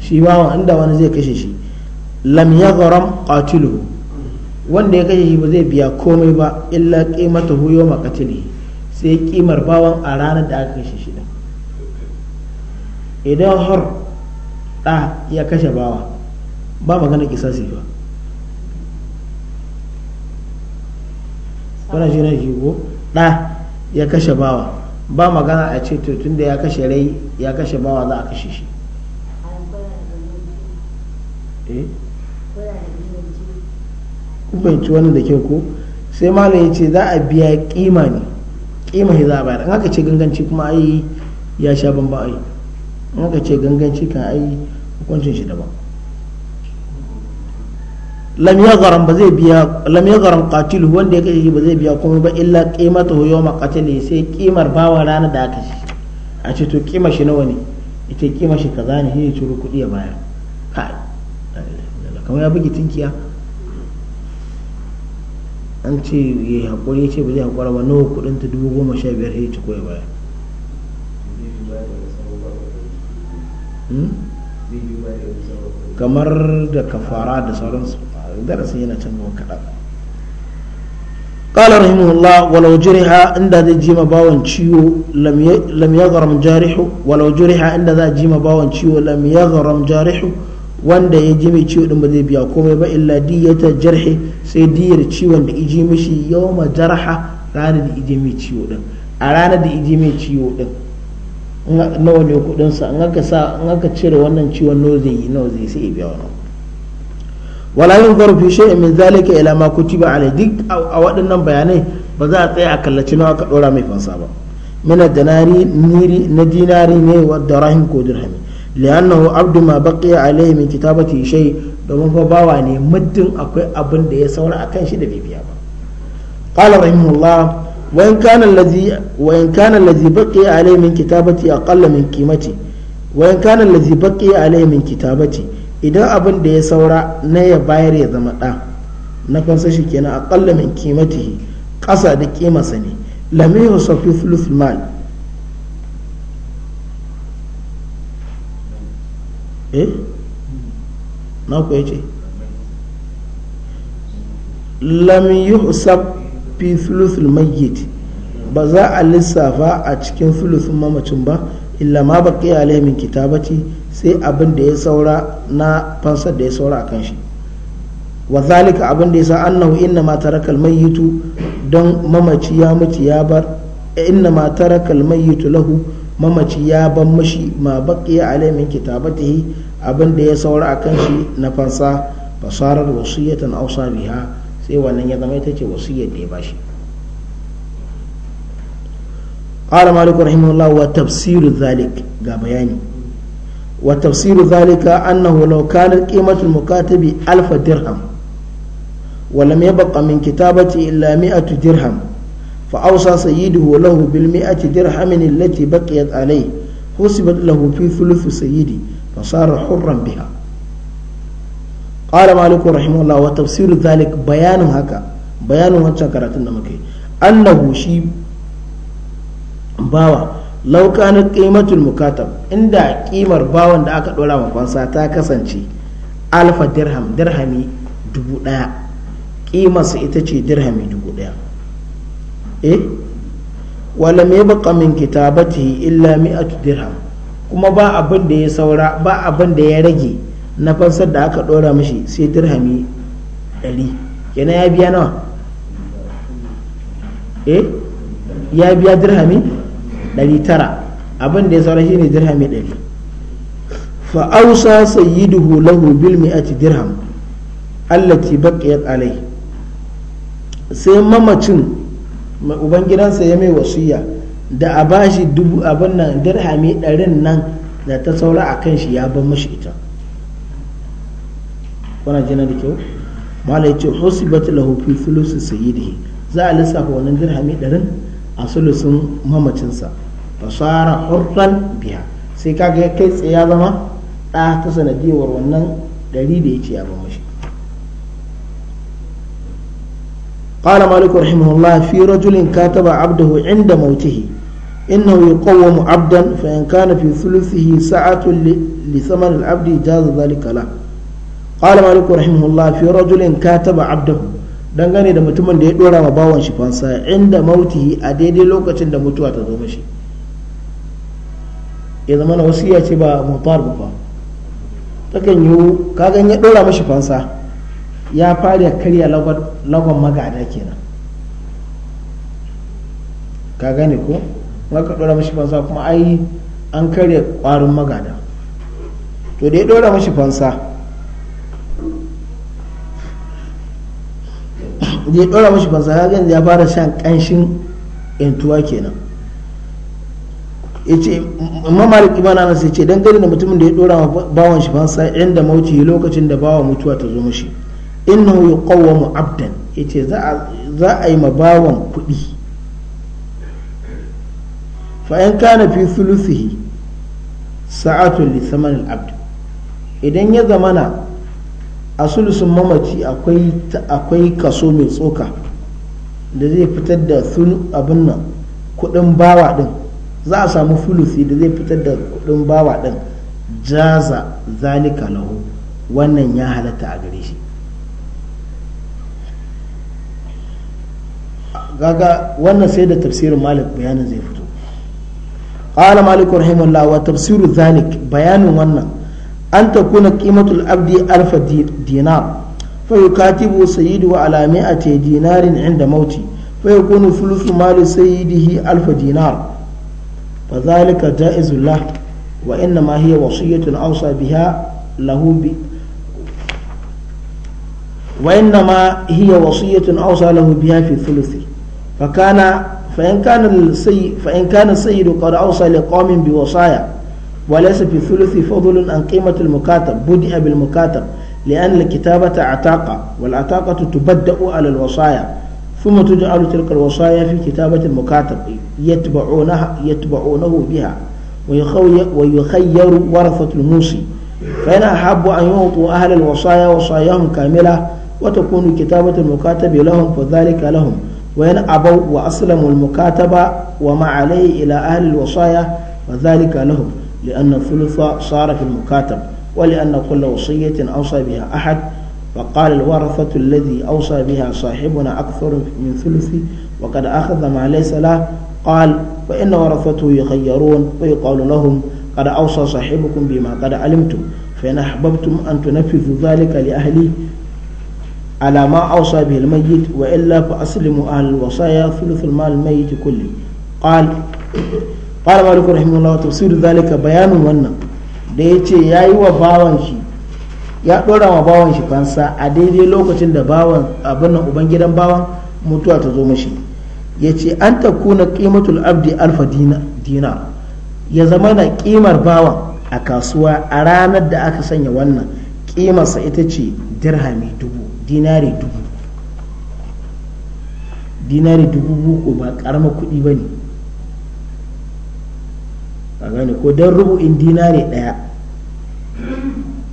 Speaker 1: shi inda wani zai kashe shi lam yaghram qatiluhu wanda ya kashe shi ba zai biya komai ba illa qimatuhu yawma sai kimar bawan a ranar da aka kashe shi din idan har ɗa ya kashe bawa ba magana kisasi ba wani shi na shi ko ɗa ya kashe bawa ba magana a ce tun da ya kashe rai ya kashe bawa za a kashe shi eh? kubanci wani da kyau ko sai malam ya ce za a biya kima ne kima shi za a bayar an haka ce ganganci kuma ai ya sha bamba ai in ce ganganci kan ai hukuncin shi daban lam ya ba zai biya qatil wanda ya kashe shi ba zai biya kuma ba illa qimatuhu ma qatili sai kimar bawa rana da aka shi a ce to kima shi nawa ne ita kima shi ka zane shi ciro kuɗi ya bayar kamar ya bugi tinkiya an ce ya haƙuri ya ce ba zai haƙura ba nawa kuɗin ta dubu goma sha biyar ya ci ya baya Hmm? kamar da kafara da sauransu darasin yana can gaba kaɗan قال رحمه الله ولو جرح عند ذا جيم باون تشيو jarihu لم يغرم جارحه ولو جرح عند ذا جيم باون تشيو wanda ya ji mai ciwo din ba zai biya komai ba illa diyata jarhe sai diyar ciwon da iji mishi yawma jarha ranar da iji mai ciwo din a ranar da iji mai ciwo din nawa ne kudin sa in aka sa in aka cire wannan ciwon nozi yi ya zai sai biya wannan wala yunzaru fi shay'in min zalika ila ma kutiba alai duk a waɗannan bayanai ba za a tsaya a kallaci nawa ka dora mai fansa ba min danari niri na dinari ne wa darahim ko dirhami li'annahu abdu ma baqiya alai min kitabati shay domin fa bawa ne muddin akwai abin da ya saura akan shi da bibiya ba qala rahimullah وإن كان الذي وإن كان الذي بقي عليه من كتابتي أقل من قيمتي وإن abin da ya saura na ya bayar ya zama ɗa na fansa shi kenan aƙalla min kimatihi ƙasa da ƙimarsa ne lamihu safi fulus mal eh fi sulusul mayyit ba za a lissafa a cikin sulusun mamacin ba illa ma baqi alaihi min kitabati sai abin da ya saura na fansar da ya saura kan shi wa zalika abin da ya sa annahu inna ma taraka almayyitu don mamaci ya mutu ya bar inna ma taraka almayyitu lahu mamaci ya ban mashi ma baqiya alaihi min kitabatihi abin da ya saura kan shi na fansa fasarar wasiyatan awsa biha sai wannan ya zama ita ce wasiyyar da ya ba shi ƙara maliku rahimahullah wa tafsiru zalik ga bayani wa tafsiru zalika annahu law kana qimatul mukatabi alfa dirham wa lam yabqa min kitabati illa mi'atu dirham fa sayidi sayyiduhu lahu bil mi'ati dirhamin allati baqiyat alayhi husibat lahu fi thuluth fulufu sayidi sara hurran biha malikun maliku allah wa tafsir dhalik bayanin haka bayanin wancan karatun da muke annahu shi bawa laukanin kana mukatab inda ƙimar bawan da aka ɗora wa fansa ta kasance alfa dirham dirhami dubu ɗaya ƙimarsa ita ce dirhami dubu e eh mai yabqa min kitabatihi illa mi'atu dirham kuma ba abin da ya saura ba abin da ya rage na fansar da aka ɗora mashi sai dirhami ɗari kenan ya biya nawa eh ya biya dirhami ɗari tara abin da ya saura shi ne dirhami ɗari fa'ausa sayyiduhu lahu bil mi'ati dirham allati baqiyat alai sai mamacin ubangidansa ya mai wasiya da a bashi dubu abin nan dirhami ɗarin nan da ta saura a kan shi ya ban mashi ita bana jina da kyau mala yace husibat lahu fi thulusi sayyidihi za a lissafa wannan dirhami 100 a sulusin mamacinsa fasara hurran biya sai kaga kai tsaye ya zama ɗa ta sanadiyar wannan ɗari da ya ce ya ba mashi قال مالك رحمه الله في رجل كاتب عبده عند موته إنه يقوم عبدا فإن كان في ثلثه سعة لثمن العبد جاز ذلك له qala malik rahimahullah fi rajulin kataba abdahu dangane da mutumin da ya dora wa bawan shi fansa inda mautihi a daidai lokacin da mutuwa ta zo mashi ya zama na wasiya ce ba mutuwar ba fa takan yi kagan ya dora mashi fansa ya fara karya lagon magada kenan ka gane ko ka dora mashi fansa kuma ai an karya kwarin magada to da ya dora mashi fansa da ya ɗora mashi fansa kaga ya fara shan ƙanshin yantuwa kenan yace amma malik nan sai ce dan gari da mutumin da ya dora bawan shi fansa inda mauti lokacin da bawa mutuwa ta zo mishi innahu yuqawwamu abdan yace za za a yi ma bawan kuɗi fa in kana fi thuluthihi sa'atun li thaman al idan ya zamana a sulusun mamaci akwai kaso mai tsoka da zai fitar da abin nan kudin bawa din za a samu fulusi da zai fitar da kudin bawa din jaza zalika lahu wannan ya halatta a gare shi gaga wannan sai da tafsirin malik bayanin zai fito قال malik رحمه wa tafsirin zalik bayanin wannan. an takuna kuna ƙimatul abdi alfa dinar fa yukatibu sayyidu ala mi'ati dinarin inda mauti fa yakunu thuluthu mali sayyidihi alfa dinar fa zalika jaizul lah wa wa inna ma hiya wasiyatun awsa lahu biha fi thuluthi fa kana fa bi wasaya وليس في الثلث فضل عن قيمة المكاتب بدأ بالمكاتب لأن الكتابة عتاقة والعتاقة تبدأ على الوصايا ثم تجعل تلك الوصايا في كتابة المكاتب يتبعونها يتبعونه بها ويخير ورثة الموصي فإن أحب أن يعطوا أهل الوصايا وصاياهم كاملة وتكون كتابة المكاتب لهم فذلك لهم وإن أبوا وأسلموا المكاتبة وما عليه إلى أهل الوصايا فذلك لهم لأن الثلث صار في المكاتب ولأن كل وصية أوصى بها أحد فقال الورثة الذي أوصى بها صاحبنا أكثر من ثلثي وقد أخذ ما ليس له قال فإن ورثته يخيرون ويقال لهم قد أوصى صاحبكم بما قد علمتم فإن أحببتم أن تنفذوا ذلك لأهلي على ما أوصى به الميت وإلا فأسلموا أهل الوصايا ثلث المال الميت كله قال qala malik rahimahullah tafsir zalika bayanin wannan da yace yayi wa bawan shi ya ɗora wa bawan shi fansa a daidai lokacin da bawan abin nan uban bawan mutuwa ta zo mashi ce an takuna qimatul abdi alfa dina ya zama na kimar bawan a kasuwa a ranar da aka sanya wannan kimarsa ita ce dirhami dubu dinari dubu dinari dubu ba karamar kuɗi ba ne a gane ko don rubu'in dinare ɗaya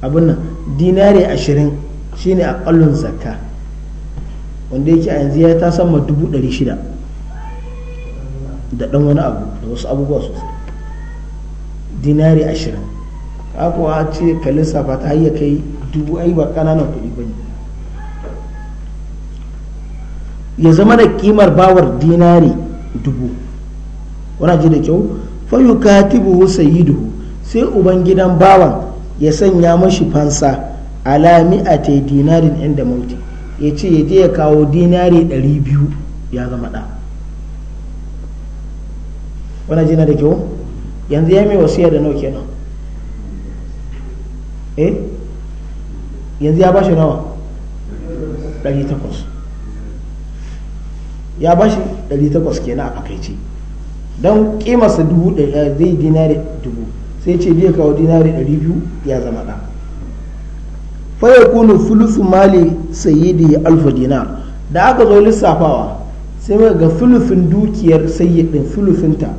Speaker 1: abin nan dinare ashirin shine aƙallun zakka wanda yake a yanzu ya ta sama dubu ɗari shida da ɗan wani abu da wasu abubuwa sosai dinari ashirin haka a ce ka lissafa ta hayya kai dubu ai ba ƙananan kuɗi ba ne ya zama da ƙimar bawar dinari dubu wana ji da kyau fayukatibuhu sayyiduhu sai ubangidan bawan ya sanya mashi fansa alami a mi'ate dinarin inda mauti ya ce ya je ya kawo dinari 200 ya zama ɗa wani jina da kyau yanzu ya mai wasiya da nawa kenan eh yanzu ya bashi nawa 800 ya bashi 800 kenan a fakaice don kimarsa dubu ɗaya eh, zai dinari dubu sai ce zai kawo dinari ɗari biyu ya zama ɗan faya kunu fulusu mali ya alfa dinar da aka zo lissafawa sai mai ga fulufin dukiyar sayyidin fulufinta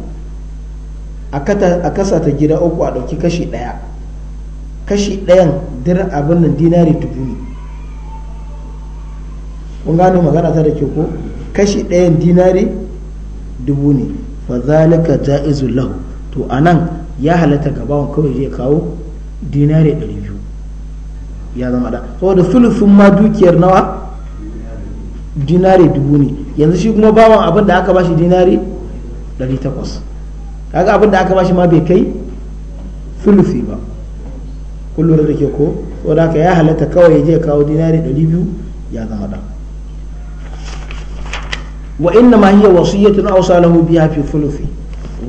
Speaker 1: a kasa ta gida uku a ɗauki kashi ɗaya kashi ɗayan dir abin nan dubu ne kun gane magana ta da ke ko kashi ɗayan dinari dubu ne fa zalika ja'izu lahu to anan ya halatta ga bawan kawai zai kawo dinari 200 ya zama da saboda sulufin ma dukiyar nawa dinari dubu ne yanzu shi kuma bawan abin da aka bashi dinari 800 kaga abin da aka bashi ma bai kai sulufi ba kullum da ke ko saboda ka ya halatta kawai ya kawo dinari 200 ya zama da wa inna ma hiya wasiyatun awsa lahu biha fi thuluthi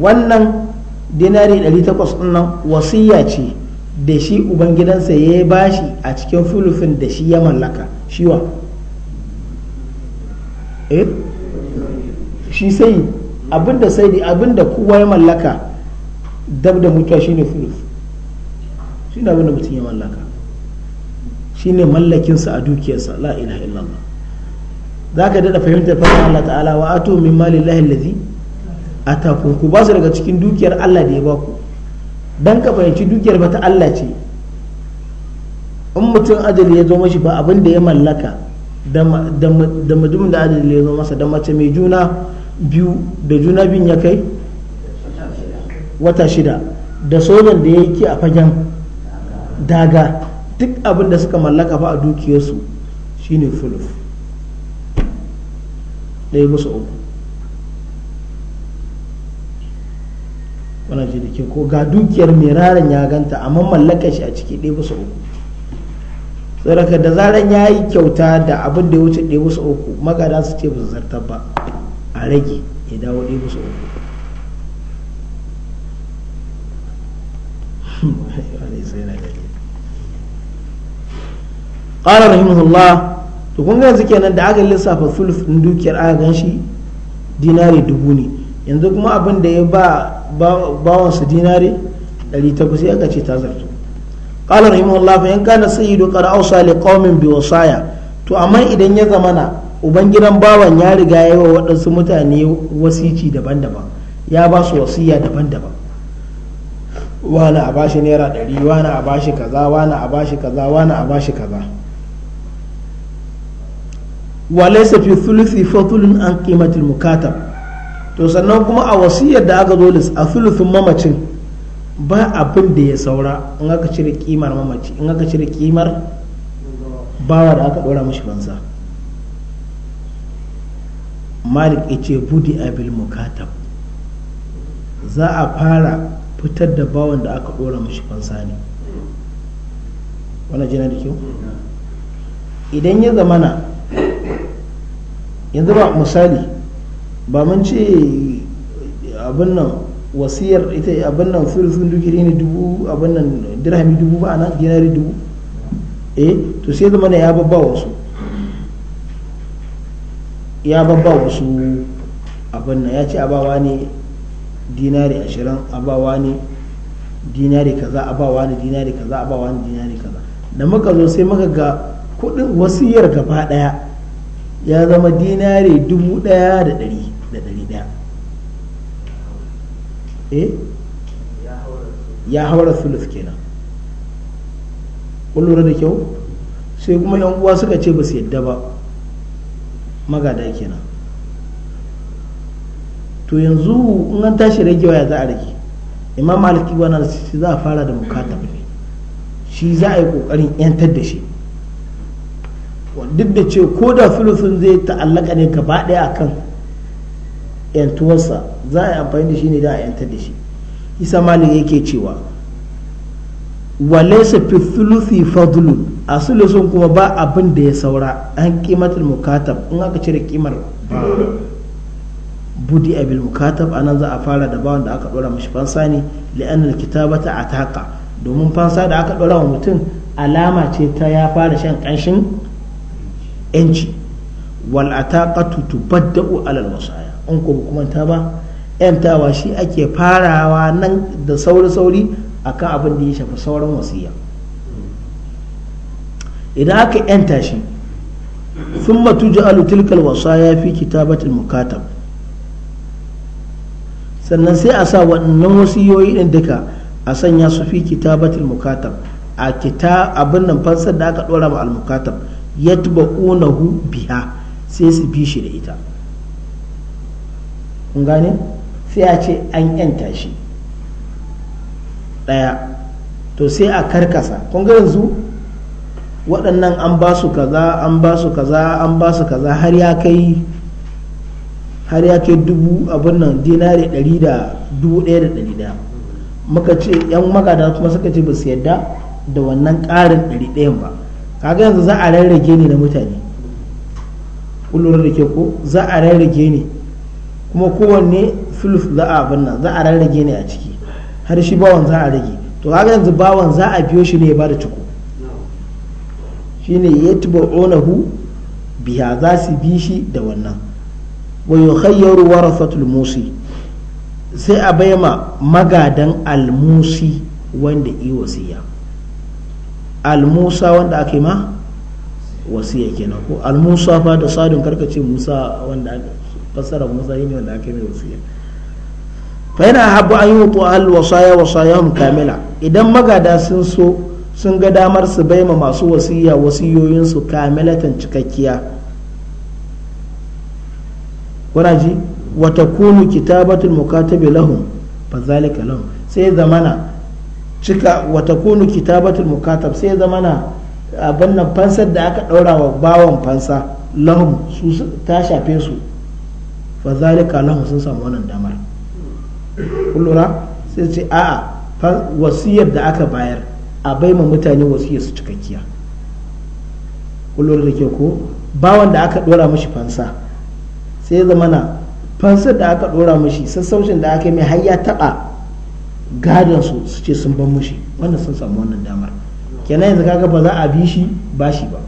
Speaker 1: wannan dinari 800 din nan wasiya ce da shi ubangidansa ya bashi a cikin fulufin da shi ya mallaka shi wa eh shi sai abinda sai abinda kowa ya mallaka dab da mutuwa shine fuluf shine abinda mutum ya mallaka shine mallakinsa a dukiyarsa la ilaha illallah za ka daɗa fahimtar fara Allah ta'ala wa ato min mali lahi a tafin ku ba su daga cikin dukiyar Allah da ya ba ku don ka fahimci dukiyar ba ta Allah ce in mutum ajali ya zo mashi ba abin da ya mallaka da mutumin da ajali ya zo masa da mace mai juna biyu da juna biyun ya kai wata shida da sojan da ya yi a fagen daga duk abin da suka mallaka ba a dukiyarsu shine fulufu. ɗaya musu uku wannan ji da ke ko ga dukiyar miraren ya ganta amma mallakar shi a ciki ɗaya musu uku tsaraka da zaran ya yi kyauta da abin da ya wuce ɗaya musu uku magana su ce ba su ba a rage ya dawo ɗaya musu uku قال رحمه الله to kun ga yanzu kenan da aka lissafa sulus din dukiyar aka gan shi dinari dubu ne yanzu kuma abin da ya ba bawan su dinari 800 sai aka ce ta zarto qala rahimahullah fa in kana sayyidu qad ausa li qaumin bi wasaya to amma idan ya zamana ubangidan bawan ya riga ya wa wadansu mutane wasici daban-daban ya ba su wasiya daban-daban wani a bashi naira ɗari wani a bashi kaza wani a bashi kaza wani a bashi kaza wa laysa fi thuluthi fadlun an qimatil mukatab to sannan kuma a wasiyar da aka zo a thuluthin mamacin ba abin da ya saura in aka cire kimar mamaci in aka cire kimar bawa da aka dora mashi fansa malik ya ce budi abil mukatab za a fara fitar da bawan da aka dora mashi fansa ne wannan jina da kyau idan ya zamana yanzu ba misali ba mun ce abin nan wasiyar ita abin nan sulusun dukiri ne dubu abin nan dirhami dubu ba nan dinari dubu eh to sai zama ne ya babba wasu ya babba wasu abin nan ya ce abawa ne dinari ashirin abawa ne dinari kaza abawa ne dinari kaza abawa ne dinari kaza da muka zo sai muka ga kudin wasiyar gaba daya ya zama dinare dubu ɗaya da ɗari da ɗari ɗaya eh ya haura sulus kenan kun da kyau sai kuma yan uwa suka ce ba su yadda ba magada kenan to yanzu in an tashi rage ya za a rage imam maliki shi za a fara da mukatab ne shi za a yi kokarin yantar da shi duk da ce ko da sulusun zai ta'allaka ne gaba ɗaya kan yantuwarsa za a yi amfani da shi ne da a yantar da shi isa malik yake cewa su fi thuluthi fadulu a sulusun kuma ba abin da ya saura an kimatar mukatab in aka cire kimar budi abil mukatab nan za a fara da bawan da aka dora mashi fansa ne li'annal kitabata taka domin fansa da aka dora wa mutum alama ce ta ya fara shan kanshin yanci wal ataqatu tubadda'u alal wasaya in ko kuma ba yantawa shi ake farawa nan da sauri sauri akan abin da ya shafi sauran wasiya idan aka yanta shi thumma tuj'alu tilkal wasaya fi kitabatil mukatab sannan sai a sa waɗannan wasiyoyi ɗin duka a sanya su fi kitabatil mukatab a kita abin nan fansar da aka ɗora ma al-mukatab yatba'unahu biha sai su bi shi da ita kun gane sai a ce an yanta shi ɗaya to sai a karkasa kun ga yanzu waɗannan an ba su kaza an ba su kaza an ba su kaza har ya kai har ya kai dubu abin nan dinari ɗari da dubu ɗaya da ɗari ɗaya muka ce yan magada kuma suka ce ba su yadda da wannan ƙarin ɗari ɗayan ba kaga yanzu za a rarrage ni na mutane kullum da ke ko za a rarrage ne kuma kowanne filif za a abin za a rarrage ni a ciki har shi bawan za a rage to kaga yanzu bawan za a biyo shi ne ya bada ciko shine onahu biya za su bi shi da wannan wa yukhayyaru warasatul musi sai a bai ma magadan almusi wanda iwasiya. wasiya al-musa wanda aka yi ma wasiya kenan ko al-musa fa da sadun karkace musa wanda fassara musa ne wanda aka yi wasiya fa yana habu an yi al-wasaya wasayahum kamila idan magada sun so sun ga damar su baima masu wasiya wasiyoyinsu kamilatan cikakkiya kuna ji wata kunu kitabatul mukatabi lahum fa zalika lahum sai zamana cika wata kunu kitabatul mukatab sai na abin nan fansar da aka ɗaura wa bawan fansa lahum su ta shafe su fa zalika lahum sun samu wannan damar kullura sai ce a'a wasiyar da aka bayar a bai ma mutane wasiyar su cikakkiya kullura da ke ko bawan da aka ɗora mashi fansa sai zama na fansar da aka ɗora mashi sassaucin da aka yi mai har ya taɓa gadon su su ce sun ban mushi wannan sun samu wannan damar kenan yanzu kaga ba za a bi shi ba shi ba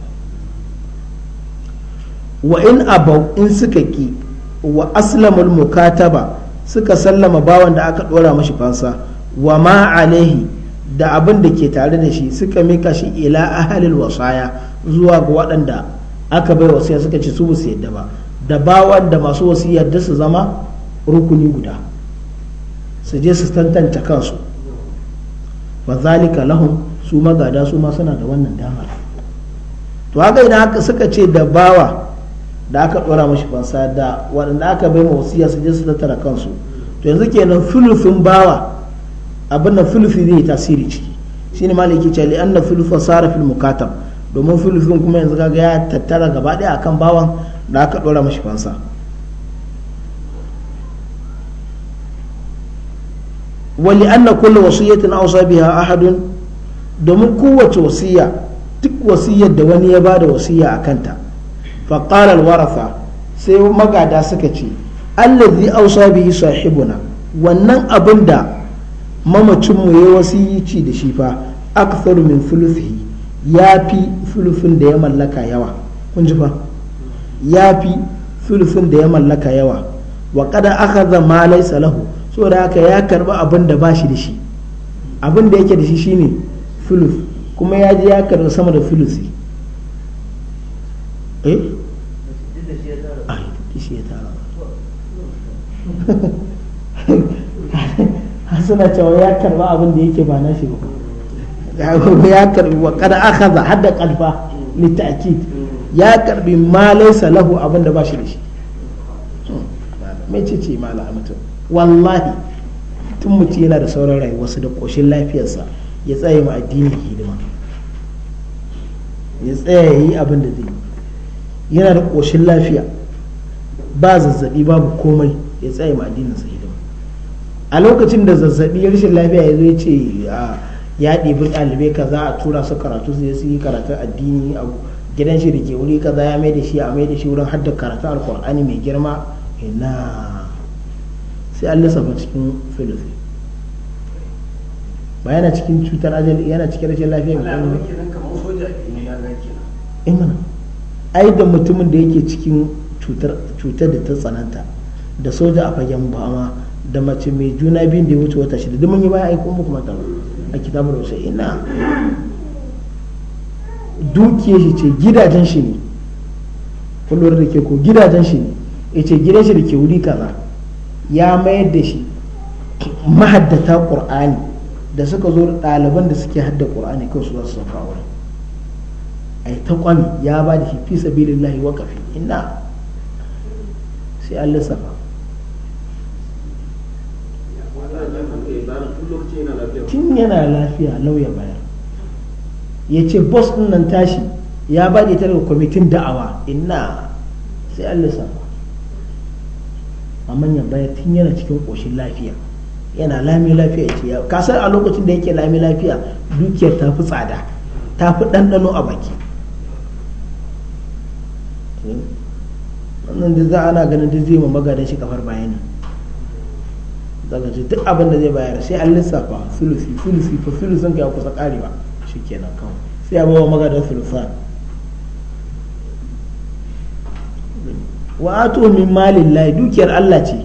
Speaker 1: wa in abau in suka ki wa aslamul mukataba suka sallama bawan da aka dora mashi fansa wa ma alaihi da abin da ke tare da shi suka mika shi ila ahalil wasaya zuwa ga waɗanda aka bai wasiya suka ci su ba su yadda ba da bawan da masu wasiya da su zama rukuni guda su je su tantance kansu fa zalika lahum su magada su ma suna da wannan damar to haka idan haka suka ce da bawa da aka dora mashi fansa da waɗanda aka bai wasiya su je su tattara kansu to yanzu kenan fulufin bawa abin da fulufi zai tasiri ciki shine maliki ce li'an na fulufa sara fil mukatab domin fulufin kuma yanzu kaga ya tattara gaba ɗaya akan bawan da aka dora mashi fansa wali anna kullu wasiyatin awsa biha ahadun domin kowace wasiya duk wasiyar da wani ya bada wasiya a kanta fa qala al-waratha sai magada suka ce allazi awsa bihi sahibuna wannan abin da mu ya wasiyici da shi fa akthar min thuluthi ya fi thuluthin da ya mallaka yawa kun ji fa ya fi thuluthin da ya mallaka yawa wa qada akhadha ma laysa lahu da haka ya karba abin da ba shi da shi abin da yake da shi shine filus kuma ya ji ya karba sama da filusi eh shi ya tara suna cewa ya karba abin da yake ba na shi ba ya karbi wa kada akhadha hada hada li ta'kid ya karbi malai salahu lahu abin da ba shi da shi mai hmm. cece mala a mutum wallahi tun mutum yana da sauran rayuwarsa da koshin lafiyarsa ya tsaye ma addini hidima ya tsaya ya yi abin da zai yana da koshin lafiya ba zazzabi babu komai ya tsaye ma addininsa hidima a lokacin da zazzabi rashin lafiya ya zo ya ce ya ɗebi ɗalibai kaza a tura su karatu su su yi karatun addini a gidan shi da ke wuri kaza ya mai da shi a mai da shi wurin haddar karatu alkur'ani mai girma ina sai an lissafa cikin filisi ba yana cikin cutar ajiyar yana cikin rashin lafiya mai tsanani imana ai da mutumin da yake cikin cutar da ta tsananta da soja a fagen bama da mace mai juna biyun da ya wuce wata shida duk mun yi baya kuma muku ta a kitabun rusa ina dukiyar shi ce gidajen shi ne kullum da ke ko gidajen shi ne ya ce gidan shi da ke wuri kaza ya mayar da shi mahaddata ƙur'ani da suka zo ɗaliban da suke hadda ƙur'ani kawai su za su sauka wurin ai ta kwami ya ba da shi fi sabilillahi waqafi inna sai an lissafa tun yana lafiya lauya bayar ya ce bos ɗin nan tashi ya ba da ita daga kwamitin da'awa inna sai an lissafa amma ya baya tun yana cikin ƙoshin lafiya yana lami lafiya ce ya kasar a lokacin da yake lami lafiya dukiyar ta fi tsada ta fi ɗanɗano a baki wannan da za ana ganin duk zai magadan shi kafar bayani daga ce duk abin da zai bayar sai an lissafa sulusi sulusi fa sulusin ka ya kusa karewa kenan kawai sai a bawa magadan sulusan wa ato min dukiyar Allah ce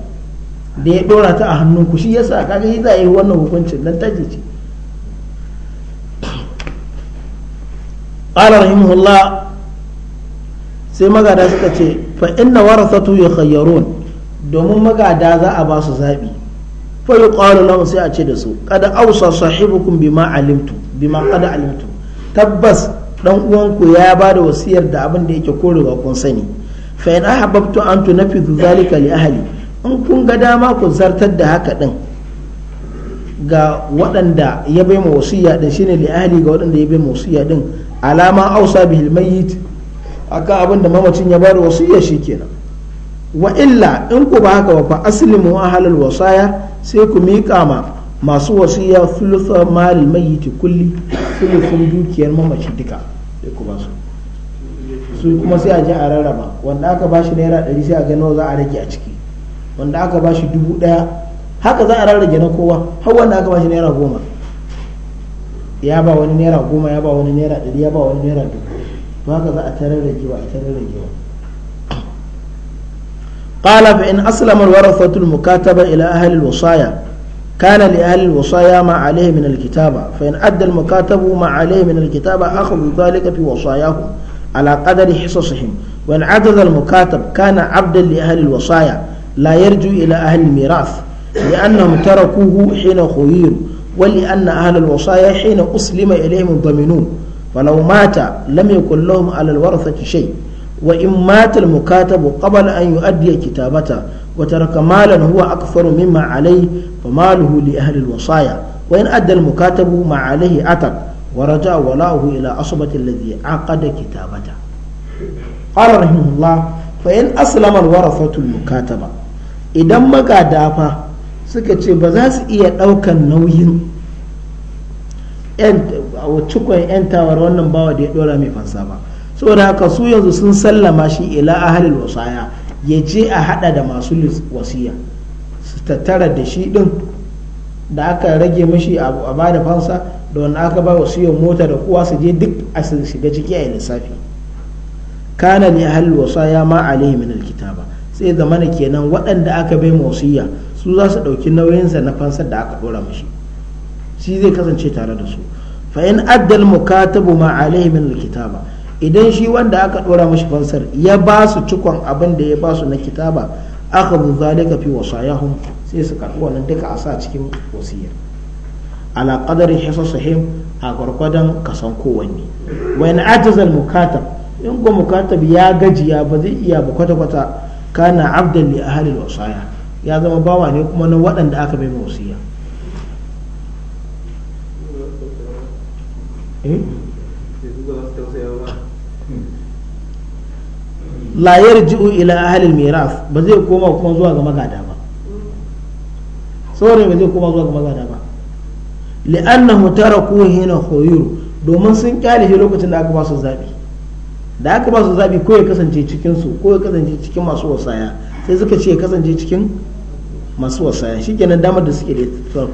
Speaker 1: da ya dora ta a hannun ku shi yasa kaga shi za yi wannan hukuncin dan taje ce qala rahimahullah sai magada suka ce fa inna warathatu yakhayyarun domin magada za a ba su zabi fa yuqalu lahum sai a ce da su kada ausa sahibukum bima alimtu bima qad alimtu tabbas dan uwanku ya bada wasiyar da abin da yake korewa kun sani fa in ahbabtu an fi zalika li ahli in kun ga dama ku zartar da haka din ga waɗanda ya bai wasiya din shine li ahli ga waɗanda ya bai wasiya din alama ausa bihil mayyit akan abin da mamacin ya bada wasiya shikenan wa illa in ku ba haka ba fa aslimu ahlal wasaya sai ku miƙa ma masu wasiya thulutha mal mayyit kulli thuluthun dukiyar mamaci duka sai ku ba su su kuma sai a je a rarraba wanda aka ba shi naira ɗari sai a ga nawa za a rage a ciki wanda aka ba shi dubu ɗaya haka za a rarrage na kowa har wanda aka ba shi naira goma ya ba wani naira goma ya ba wani naira ɗari ya ba wani naira dubu to haka za a ta rarragewa a ta rarragewa قال فإن أسلم الورثة المكاتبة إلى أهل الوصايا كان لأهل الوصايا ما عليه من الكتابة فإن أدى المكاتب ما عليه من الكتابة أخذوا ذلك في وصاياهم على قدر حصصهم وإن عدد المكاتب كان عبدا لأهل الوصايا لا يرجو إلى أهل الميراث لأنهم تركوه حين خيروا ولأن أهل الوصايا حين أسلم إليهم ضمنون فلو مات لم يكن لهم على الورثة شيء وإن مات المكاتب قبل أن يؤدي كتابته وترك مالا هو أكثر مما عليه فماله لأهل الوصايا وإن أدى المكاتب ما عليه أتر ورجع ولاه إلى عصبة الذي عقد كتابته قال رحمه الله فإن أسلم الورثة المكاتبة إذا ما قاد أفا سكتي بزاس إيا أوكا نوين cikon 'yantawar wannan bawa da ya dora mai fansa ba saboda haka su yanzu sun sallama shi ila ahalil wasaya ya je a hada da masu wasiya tattara da shi din da aka rage mashi a ba da fansa da wanda aka ba wa siyo mota da kuwa su je duk a shiga ciki a lissafi kana li wasu wasaya ma alaihi min alkitaba sai zamana kenan waɗanda aka bai wasiya su za su ɗauki nauyinsa na fansar da aka ɗora mashi shi zai kasance tare da su fa in addal mukatabu ma alaihi min alkitaba idan shi wanda aka ɗora mashi fansar ya ba su cikon abin da ya ba su na kitaba aka zalika fi wasayahum sai su karɓi wannan duka a sa cikin wasiya ala qadari hisasihim a gwargwadon kasan kowanne wa in ajazal mukatab in ko mukatab ya gajiya ba zai iya ba kwata kwata kana abdan li ahli wasaya ya zama bawa ne kuma na waɗanda aka bai wasiya eh? la yarji'u ila ahli al-mirath ba zai koma kuma zuwa ga magada ba saurin ba zai koma zuwa ga mazana ba li'annahu taraku hina khuyur domin sun kyale shi lokacin da aka ba su zabi da aka ba su zabi ko ya kasance cikin su ko ya kasance cikin masu wasaya sai suka ce ya kasance cikin masu wasaya shikenan damar da suke da ta na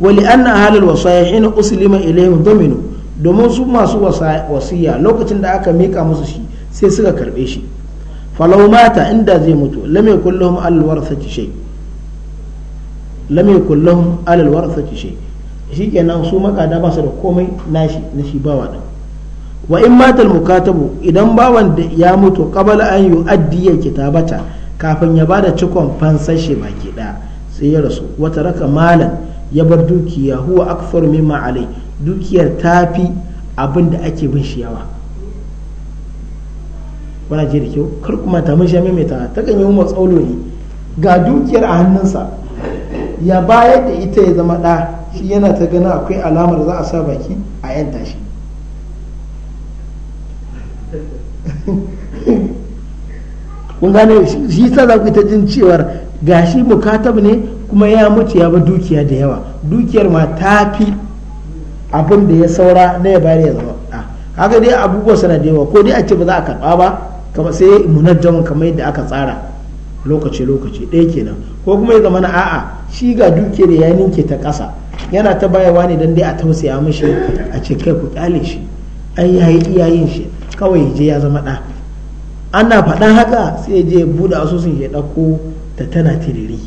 Speaker 1: wa li'anna ahlul wasaya hina uslima ilayhim dominu domin su masu wasiya lokacin da aka mika musu shi sai suka karbe shi falau mata inda zai mutu lam yakul lahum al-warthati lam yakul lahum ala alwarathati shay shikenan su makada ba su da komai nashi na shi bawa din wa in mata almukatabu idan bawan da ya mutu qabala an yuaddi kitabata kafin ya bada cikon fansar shi baki daya sai ya rasu wata raka malan ya bar dukiya huwa akfar mimma alai dukiyar tafi abin da ake bin shi yawa wala je da kyau kar kuma ta mun sha maimaita ta kan yi tsaulo ne ga dukiyar a hannunsa ya bayar da ita ya zama ɗa shi yana ta gana akwai alamar za a sa baki a yanta shi kun gane shi ta za ku ta jin cewar gashi mukatab ne kuma ya mutu ya ba dukiya da yawa dukiyar ma ta fi abin da ya saura na ya bayar ya zama ɗa haka dai abubuwa suna da yawa ko dai a ce ba za a karɓa ba kamar sai munajjamin kamar yadda aka tsara lokaci-lokaci ɗaya kenan ko kuma ya zama na a'a shi ga duke da ya ninke ta ƙasa yana ta bayawa ne don dai a tausaya mishi a ce kai ku kyale shi ai ya yi iyayen shi kawai je ya zama ɗa ana faɗa haka sai je buɗe asusun ya ɗauko ta tana tiriri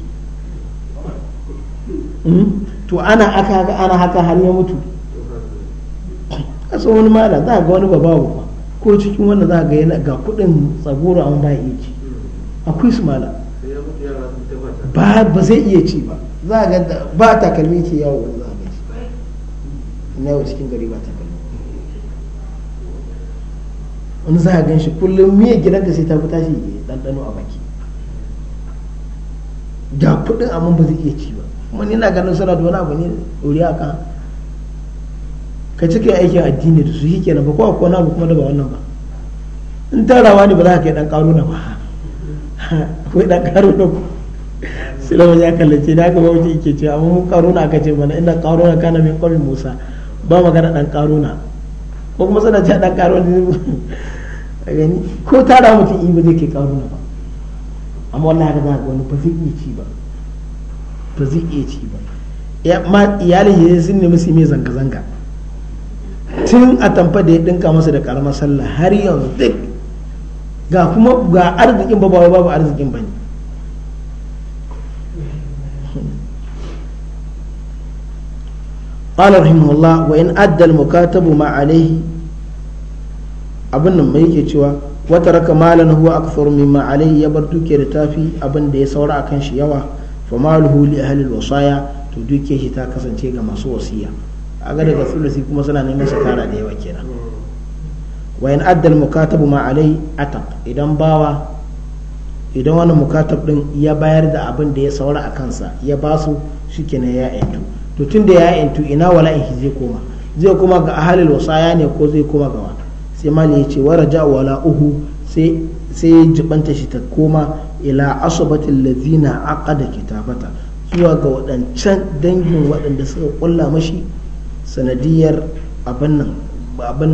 Speaker 1: hmm? to ana aka haka ana haka har ya mutu a tsohon mala za ga wani baba ko cikin wanda za ga ga kuɗin tsagoro an ba iya ci akwai su mala ba zai iya ci ba za a ga ba takalmi ke yawo wani za a ga shi yau cikin gari ba takalmi wani za a gan shi kullum miya gidan ka sai ta fita shi ya ɗanɗano a baki ga kuɗin amma ba zai iya ci ba kuma ni na ganin suna da wani abu ne ɗori a kan ka cika aikin addini da su shi kenan ba ko akwai wani kuma da ba wannan ba in tarawa ne ba za ka kai ɗan ƙaro na ba akwai ɗan ƙaro na ba. sai lawan ya kallace da aka bauti ke ce amma mu karuna aka ce mana inna karuna kana min qawmi musa ba magana dan karuna ko kuma suna ce dan karuna a gani ko da mutum in ba zai ke karuna ba amma wallahi haka za ka wani ba zai iya ci ba ba zai iya ci ba ma iyalin ya sun nemi su mai zanga-zanga tun a tamfa da ya dinka masa da karamar sallah har yanzu duk ga kuma ga arzikin ba babu arzikin ba ne قال رحمه الله وإن أدى المكاتب ما عليه أبن ما يجي وترك مالا هو أكثر مما عليه يبرتو دوكي رتافي أبن دي سورا كان شيوا فماله لأهل الوصايا to duke shi ta kasance ga masu wasiya a ga kuma suna neman masa tara da yawa kenan wa in addal mukatabu ma alai ataq idan bawa idan wani mukatab din ya bayar da abin da ya saura a kansa ya basu shikenan ya yantu to tun da ya intu ina wala ki zai koma zai koma ga ahalil wasaya ne ko zai koma gawa sai mali ya ce wara waraja wala uhu sai ya jibanta shi ta koma ila asubatin lazina ke kitabata zuwa ga waɗancan dangin waɗanda suka ƙulla mashi sanadiyar abin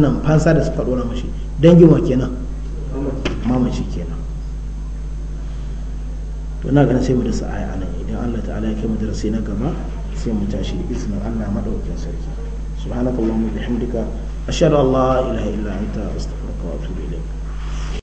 Speaker 1: nan fansa da suka ɗora mashi dangin wa kenan mamaci kenan to na ganin sai mu aya anan idan Allah ta'ala ya kai mu darasi na gaba sai mu tashi da izinin Allah madaukakin sarki subhanakallahumma bihamdika ashhadu an la ilaha illa anta astaghfiruka wa atubu